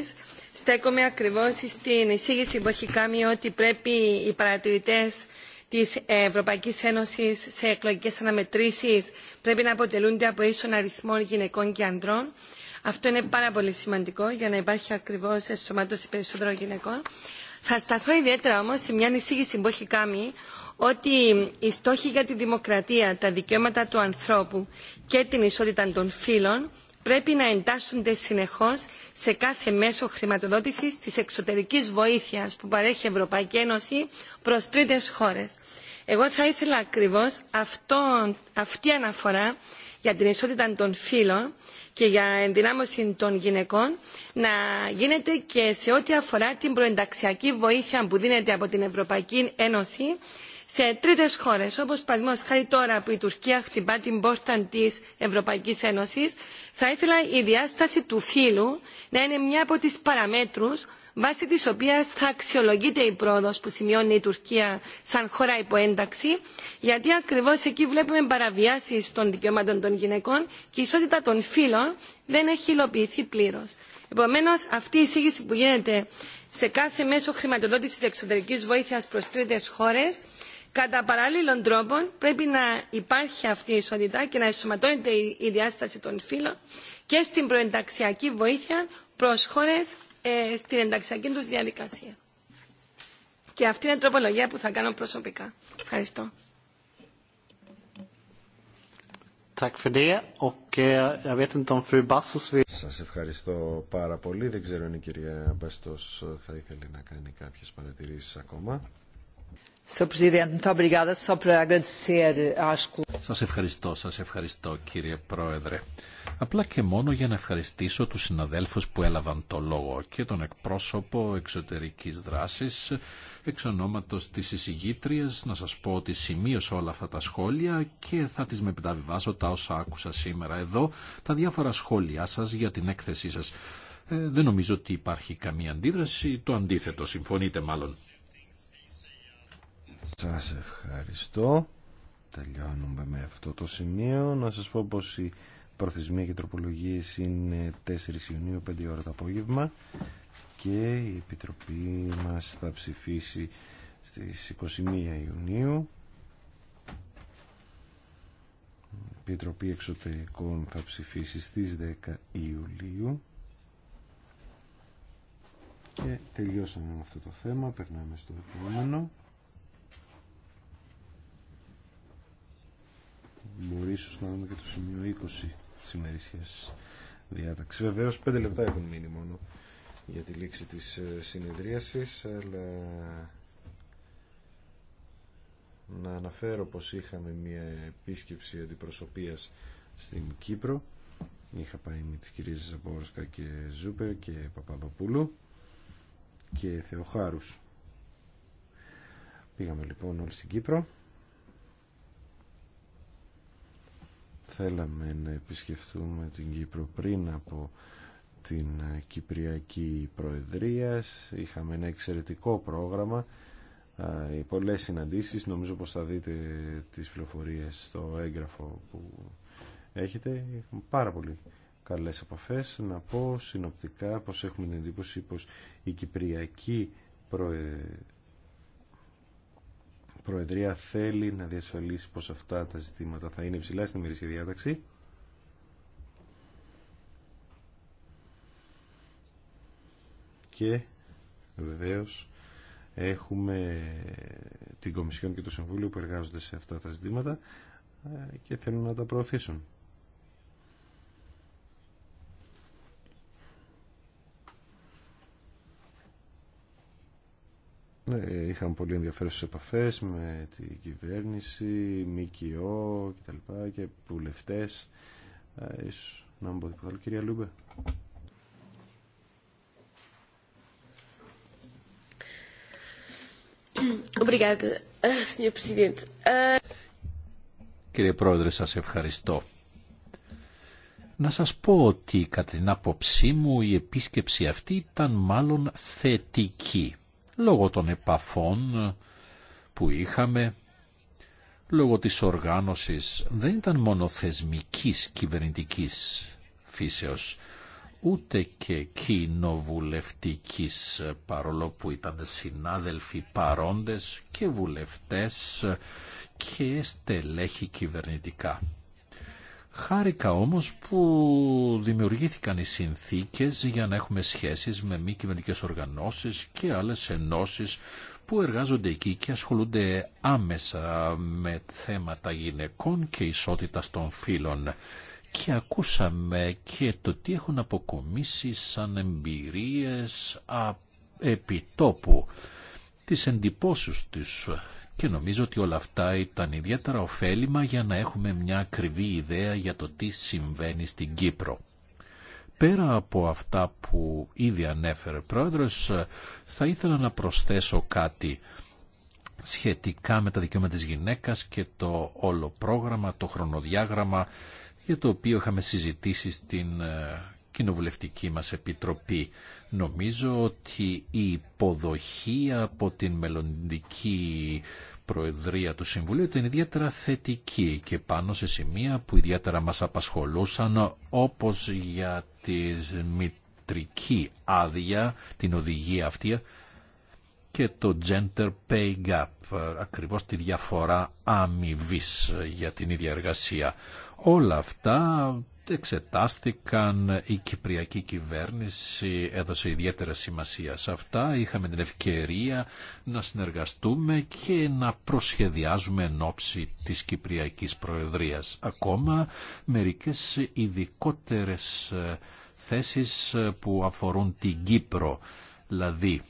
Στέκομαι ακριβώς στην εισήγηση που έχει κάνει ότι πρέπει οι παρατηρητέ τη Ευρωπαϊκή Ένωση σε εκλογικέ αναμετρήσει πρέπει να αποτελούνται από ίσον αριθμό γυναικών και ανδρών. Αυτό είναι πάρα πολύ σημαντικό για να υπάρχει ακριβώ ενσωμάτωση περισσότερων γυναικών. Θα σταθώ ιδιαίτερα όμως σε μια ανησύγηση που έχει κάνει ότι οι στόχοι για τη δημοκρατία, τα δικαιώματα του ανθρώπου και την ισότητα των φύλων πρέπει να εντάσσονται συνεχώς σε κάθε μέσο χρηματοδότησης της εξωτερικής βοήθειας που παρέχει η Ευρωπαϊκή Ένωση προς τρίτες χώρες. Εγώ θα ήθελα ακριβώς αυτή η αναφορά για την ισότητα των φύλων και για ενδυνάμωση των γυναικών να γίνεται και σε ό,τι αφορά την προενταξιακή βοήθεια που δίνεται από την Ευρωπαϊκή Ένωση σε τρίτες χώρες, όπως παραδείγματος χάρη τώρα που η Τουρκία χτυπά την πόρτα της Ευρωπαϊκής Ένωσης, θα ήθελα η διάσταση του φύλου να είναι μια από τις παραμέτρους βάσει της οποίας θα αξιολογείται η πρόοδος που σημειώνει η Τουρκία σαν χώρα υποένταξη, γιατί ακριβώς εκεί βλέπουμε παραβιάσεις των δικαιωμάτων των γυναικών και η ισότητα των φύλων δεν έχει υλοποιηθεί πλήρως. Επομένως, αυτή η εισήγηση που γίνεται σε κάθε μέσο χρηματοδότησης εξωτερικής βοήθειας προς τρίτες χώρες, κατά παράλληλων τρόπων πρέπει να υπάρχει αυτή η ισότητα και να ενσωματώνεται η διάσταση των φύλων και στην προενταξιακή βοήθεια προς χώρες ε, στην ενταξιακή του διαδικασία. Και αυτή είναι η τροπολογία που θα κάνω προσωπικά. Ευχαριστώ. Σας ευχαριστώ πάρα πολύ. Δεν ξέρω αν η κυρία Μπέστος ε, θα ήθελε να κάνει κάποιες παρατηρήσεις ακόμα. Σας ευχαριστώ, σας ευχαριστώ κύριε Πρόεδρε. Απλά και μόνο για να ευχαριστήσω τους συναδέλφους που έλαβαν το λόγο και τον εκπρόσωπο εξωτερικής δράσης εξ ονόματος της εισηγήτριας να σας πω ότι σημείωσα όλα αυτά τα σχόλια και θα τις επιταβιβάσω τα όσα άκουσα σήμερα εδώ, τα διάφορα σχόλιά σας για την έκθεσή σας. Ε, δεν νομίζω ότι υπάρχει καμία αντίδραση, το αντίθετο, συμφωνείτε μάλλον. Σας ευχαριστώ. Τελειώνουμε με αυτό το σημείο. Να σας πω πως η προθεσμία και τροπολογίε είναι 4 Ιουνίου, 5 ώρα το απόγευμα και η Επιτροπή μας θα ψηφίσει στις 21 Ιουνίου. Η Επιτροπή Εξωτερικών θα ψηφίσει στις 10 Ιουλίου. Και τελειώσαμε με αυτό το θέμα, περνάμε στο επόμενο. Μπορεί ίσω να δούμε και το σημείο 20 τη ημερήσια διάταξη. Βεβαίω, 5 λεπτά έχουν μείνει μόνο για τη λήξη της ε, συνεδρίασης, αλλά να αναφέρω πως είχαμε μια επίσκεψη αντιπροσωπεία στην Κύπρο. Είχα πάει με τις κυρίες Ζαμπόρσκα και Ζούπερ και Παπαδοπούλου και Θεοχάρους. Πήγαμε λοιπόν όλοι στην Κύπρο θέλαμε να επισκεφτούμε την Κύπρο πριν από την Κυπριακή Προεδρία. Είχαμε ένα εξαιρετικό πρόγραμμα, πολλές συναντήσεις, νομίζω πως θα δείτε τις πληροφορίες στο έγγραφο που έχετε. Έχουμε πάρα πολύ καλές επαφέ Να πω συνοπτικά πως έχουμε την εντύπωση πως η Κυπριακή Προεδρία Προεδρία θέλει να διασφαλίσει πως αυτά τα ζητήματα θα είναι υψηλά στη ημερήσια διάταξη. Και βεβαίως έχουμε την Κομισιόν και το Συμβούλιο που εργάζονται σε αυτά τα ζητήματα ε, και θέλουν να τα προωθήσουν. είχαμε πολύ ενδιαφέρουσες επαφές με την κυβέρνηση, ΜΚΟ κτλ. και βουλευτές. Ίσως να μου πω τίποτα άλλο, κυρία Λούμπε. Ah. Κύριε Πρόεδρε, σας ευχαριστώ. Να σας πω ότι κατά την άποψή μου η επίσκεψη αυτή ήταν μάλλον θετική λόγω των επαφών ε, που είχαμε, λόγω της οργάνωσης δεν ήταν μόνο θεσμικής κυβερνητικής φύσεως, ούτε και κοινοβουλευτικής, ε, παρόλο που ήταν συνάδελφοι παρόντες και βουλευτές ε, και στελέχη κυβερνητικά. Χάρηκα όμως που δημιουργήθηκαν οι συνθήκες για να έχουμε σχέσεις με μη κυβερνητικέ οργανώσεις και άλλες ενώσεις που εργάζονται εκεί και ασχολούνται άμεσα με θέματα γυναικών και ισότητας των φύλων. Και ακούσαμε και το τι έχουν αποκομίσει σαν εμπειρίες επιτόπου τις εντυπώσεις τους και νομίζω ότι όλα αυτά ήταν ιδιαίτερα ωφέλιμα για να έχουμε μια ακριβή ιδέα για το τι συμβαίνει στην Κύπρο. Πέρα από αυτά που ήδη ανέφερε ο Πρόεδρος, θα ήθελα να προσθέσω κάτι σχετικά με τα δικαιώματα της γυναίκας και το όλο πρόγραμμα, το χρονοδιάγραμμα για το οποίο είχαμε συζητήσει στην ε, κοινοβουλευτική μας επιτροπή. Νομίζω ότι η υποδοχή από την μελλοντική Προεδρία του Συμβουλίου ήταν ιδιαίτερα θετική και πάνω σε σημεία που ιδιαίτερα μας απασχολούσαν όπως για τη μητρική άδεια, την οδηγία αυτή και το gender pay gap, ακριβώς τη διαφορά αμοιβή για την ίδια εργασία. Όλα αυτά εξετάστηκαν, η Κυπριακή κυβέρνηση έδωσε ιδιαίτερα σημασία σε αυτά. Είχαμε την ευκαιρία να συνεργαστούμε και να προσχεδιάζουμε εν ώψη της Κυπριακής Προεδρίας. Ακόμα μερικές ειδικότερες ε, θέσεις ε, που αφορούν την Κύπρο. Δηλαδή,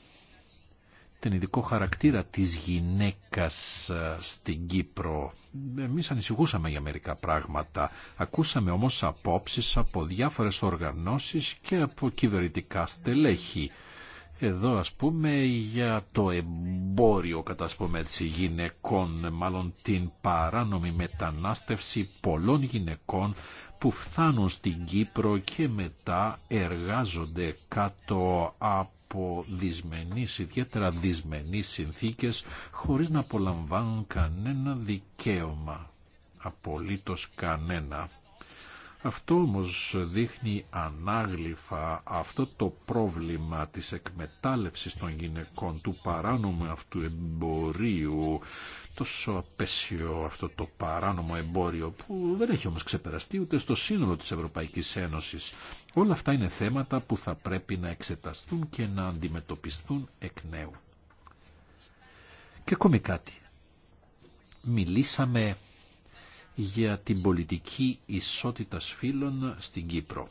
την ειδικό χαρακτήρα της γυναίκας ε, στην Κύπρο. Εμείς ανησυχούσαμε για μερικά πράγματα. Ακούσαμε όμως απόψεις από διάφορες οργανώσεις και από κυβερνητικά στελέχη. Εδώ ας πούμε για το εμπόριο κατά πούμε γυναικών, μάλλον την παράνομη μετανάστευση πολλών γυναικών που φτάνουν στην Κύπρο και μετά εργάζονται κάτω από από δυσμενείς, ιδιαίτερα δυσμενείς συνθήκες χωρίς να απολαμβάνουν κανένα δικαίωμα. Απολύτως κανένα. Αυτό όμως δείχνει ανάγλυφα αυτό το πρόβλημα της εκμετάλλευσης των γυναικών, του παράνομου αυτού εμπορίου, τόσο απέσιο αυτό το παράνομο εμπόριο που δεν έχει όμως ξεπεραστεί ούτε στο σύνολο της Ευρωπαϊκής Ένωσης. Όλα αυτά είναι θέματα που θα πρέπει να εξεταστούν και να αντιμετωπιστούν εκ νέου. Και ακόμη κάτι. Μιλήσαμε για την πολιτική ισότητα φύλων στην Κύπρο.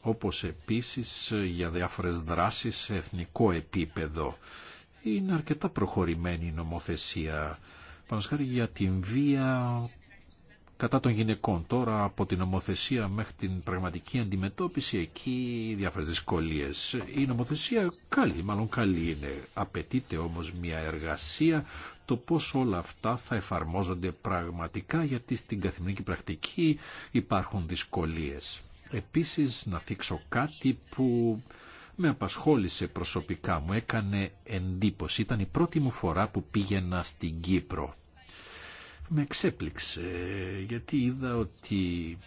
Όπως επίσης για διάφορες δράσεις σε εθνικό επίπεδο. Είναι αρκετά προχωρημένη η νομοθεσία, πάνω για την βία κατά των γυναικών. Τώρα από την νομοθεσία μέχρι την πραγματική αντιμετώπιση εκεί διάφορες δυσκολίες. Η νομοθεσία καλή, μάλλον καλή είναι. Απαιτείται όμως μια εργασία το πώς όλα αυτά θα εφαρμόζονται πραγματικά γιατί στην καθημερινή πρακτική υπάρχουν δυσκολίες. Επίσης να θίξω κάτι που με απασχόλησε προσωπικά, μου έκανε εντύπωση. Ήταν η πρώτη μου φορά που πήγαινα στην Κύπρο με εξέπληξε γιατί είδα ότι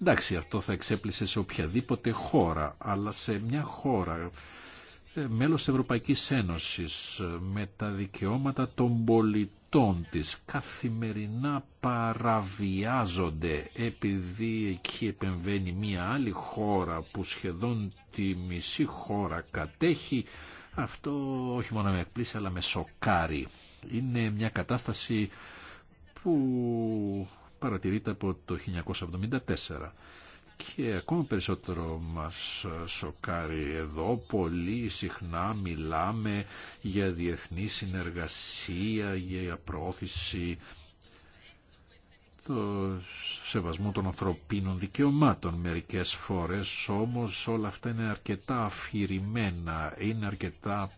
εντάξει αυτό θα εξέπλησε σε οποιαδήποτε χώρα αλλά σε μια χώρα ε, μέλος Ευρωπαϊκής Ένωσης με τα δικαιώματα των πολιτών της καθημερινά παραβιάζονται επειδή εκεί επεμβαίνει μια άλλη χώρα που σχεδόν τη μισή χώρα κατέχει αυτό όχι μόνο με εκπλήσει αλλά με σοκάρει είναι μια κατάσταση που παρατηρείται από το 1974. Και ακόμα περισσότερο μας σοκάρει εδώ. Πολύ συχνά μιλάμε για διεθνή συνεργασία, για προώθηση το σεβασμό των ανθρωπίνων δικαιωμάτων μερικές φορές, όμως όλα αυτά είναι αρκετά αφηρημένα, είναι αρκετά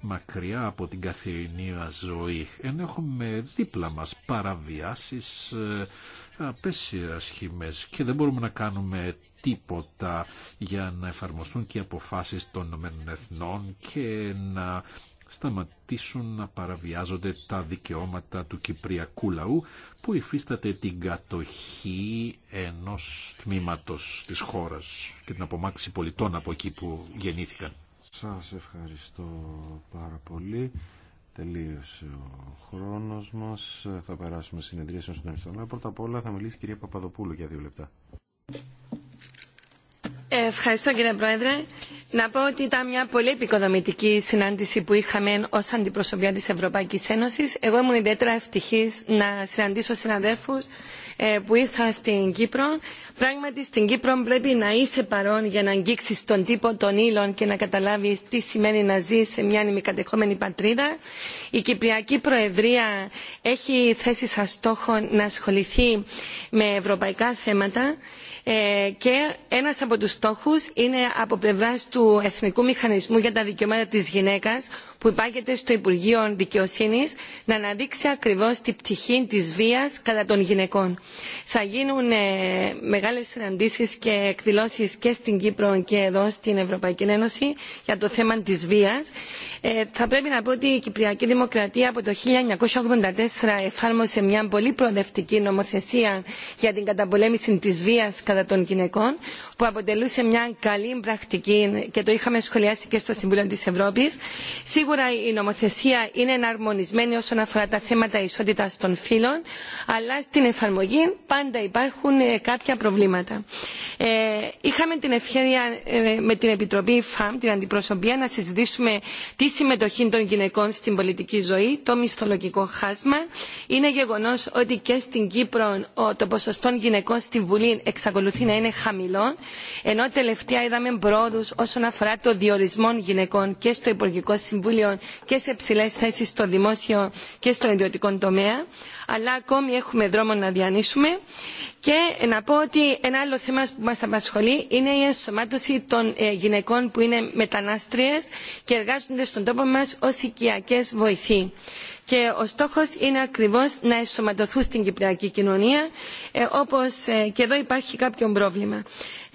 μακριά από την καθημερινή ζωή. Εν έχουμε δίπλα μας παραβιάσεις, ε, απέσια σχήμες και δεν μπορούμε να κάνουμε τίποτα για να εφαρμοστούν και οι αποφάσεις των Εθνών και να σταματήσουν να παραβιάζονται τα δικαιώματα του κυπριακού λαού που υφίσταται την κατοχή ενός τμήματος της χώρας και την απομάκρυση πολιτών από εκεί που γεννήθηκαν. Σας ευχαριστώ πάρα πολύ. Τελείωσε ο χρόνος μας. Θα περάσουμε συνεδρία στον συντονιστών. Ε, πρώτα απ' όλα θα μιλήσει η κυρία Παπαδοπούλου για δύο λεπτά. Ε, ευχαριστώ κύριε Πρόεδρε να πω ότι ήταν μια πολύ επικοδομητική συνάντηση που είχαμε ω αντιπροσωπεία τη Ευρωπαϊκή Ένωση. Εγώ ήμουν ιδιαίτερα ευτυχή να συναντήσω συναδέλφου ε, που ήρθαν στην Κύπρο. Πράγματι, στην Κύπρο πρέπει να είσαι παρόν για να αγγίξει τον τύπο των ύλων και να καταλάβει τι σημαίνει να ζει σε μια ανημικατεχόμενη πατρίδα. Η Κυπριακή Προεδρία έχει θέσει σαν στόχο να ασχοληθεί με ευρωπαϊκά θέματα ε, και ένα από του στόχου είναι από πλευρά του του Εθνικού Μηχανισμού για τα Δικαιώματα της Γυναίκας που υπάγεται στο Υπουργείο Δικαιοσύνης να αναδείξει ακριβώς την πτυχή της βίας κατά των γυναικών. Θα γίνουν ε, μεγάλες συναντήσεις και εκδηλώσεις και στην Κύπρο και εδώ στην Ευρωπαϊκή Ένωση για το θέμα της βίας. Ε, θα πρέπει να πω ότι η Κυπριακή Δημοκρατία από το 1984 εφάρμοσε μια πολύ προοδευτική νομοθεσία για την καταπολέμηση της βίας κατά των γυναικών που αποτελούσε μια καλή πρακτική και το είχαμε σχολιάσει και στο Συμβούλιο της Ευρώπης. Σίγουρα η νομοθεσία είναι εναρμονισμένη όσον αφορά τα θέματα ισότητας των φύλων, αλλά στην εφαρμογή πάντα υπάρχουν ε, κάποια προβλήματα. Ε, είχαμε την ευκαιρία ε, με την Επιτροπή ΦΑΜ, την Αντιπροσωπεία, να συζητήσουμε τη συμμετοχή των γυναικών στην πολιτική ζωή, το μισθολογικό χάσμα. Είναι γεγονό ότι και στην Κύπρο το ποσοστό γυναικών στη Βουλή εξακολουθεί να είναι χαμηλό, ενώ τελευταία είδαμε πρόοδου όσον όσον αφορά το διορισμό γυναικών και στο Υπουργικό Συμβούλιο και σε ψηλέ θέσει στο δημόσιο και στο ιδιωτικό τομέα. Αλλά ακόμη έχουμε δρόμο να διανύσουμε. Και να πω ότι ένα άλλο θέμα που μα απασχολεί είναι η ενσωμάτωση των ε, γυναικών που είναι μετανάστριες και εργάζονται στον τόπο μας ως οικιακέ βοηθοί και ο στόχο είναι ακριβώς να ενσωματωθούν στην κυπριακή κοινωνία όπω ε, όπως ε, και εδώ υπάρχει κάποιο πρόβλημα.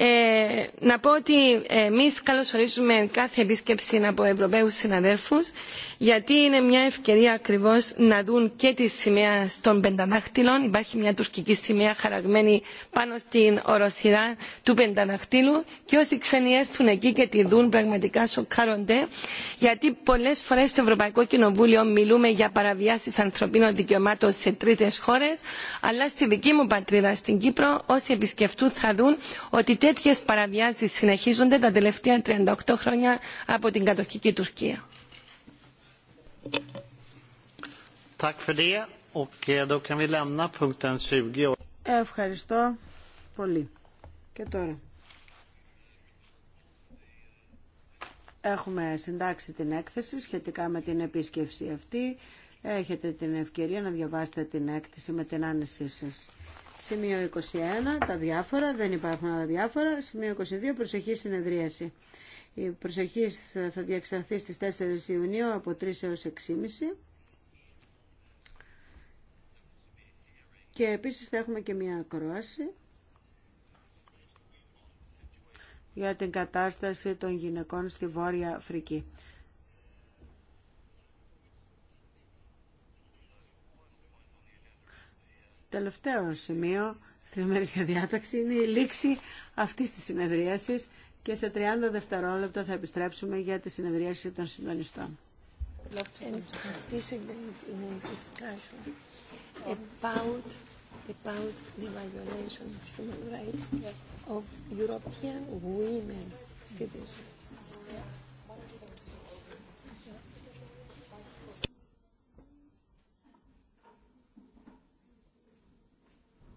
Ε, να πω ότι εμεί καλωσορίζουμε κάθε επίσκεψη από Ευρωπαίου συναδέλφου, γιατί είναι μια ευκαιρία ακριβώ να δουν και τη σημαία των πενταδάχτυλων. Υπάρχει μια τουρκική σημαία χαραγμένη πάνω στην οροσυρά του πενταδάχτυλου και όσοι ξένοι έρθουν εκεί και τη δουν πραγματικά σοκάρονται γιατί πολλέ φορέ στο Ευρωπαϊκό Κοινοβούλιο μιλούμε για παραβιάσει ανθρωπίνων δικαιωμάτων σε τρίτε χώρε, αλλά στη δική μου πατρίδα στην Κύπρο όσοι επισκεφτούν θα δουν ότι τέτοιε παραβιάσει συνεχίζονται τα τελευταία 38 χρόνια από την κατοχική Τουρκία. Eh, Ευχαριστώ πολύ. Και τώρα. Έχουμε συντάξει την έκθεση σχετικά με την επίσκεψη αυτή. Έχετε την ευκαιρία να διαβάσετε την έκθεση με την άνεσή σας. Σημείο 21, τα διάφορα, δεν υπάρχουν άλλα διάφορα. Σημείο 22, προσεχή συνεδρίαση. Η προσεχή θα διεξαχθεί στις 4 Ιουνίου από 3 έως 6.30. Και επίσης θα έχουμε και μια ακρόαση για την κατάσταση των γυναικών στη Βόρεια Αφρική. τελευταίο σημείο στην ημερήσια διάταξη είναι η λήξη αυτής της συνεδρίασης και σε 30 δευτερόλεπτα θα επιστρέψουμε για τη συνεδρίαση των συντονιστών.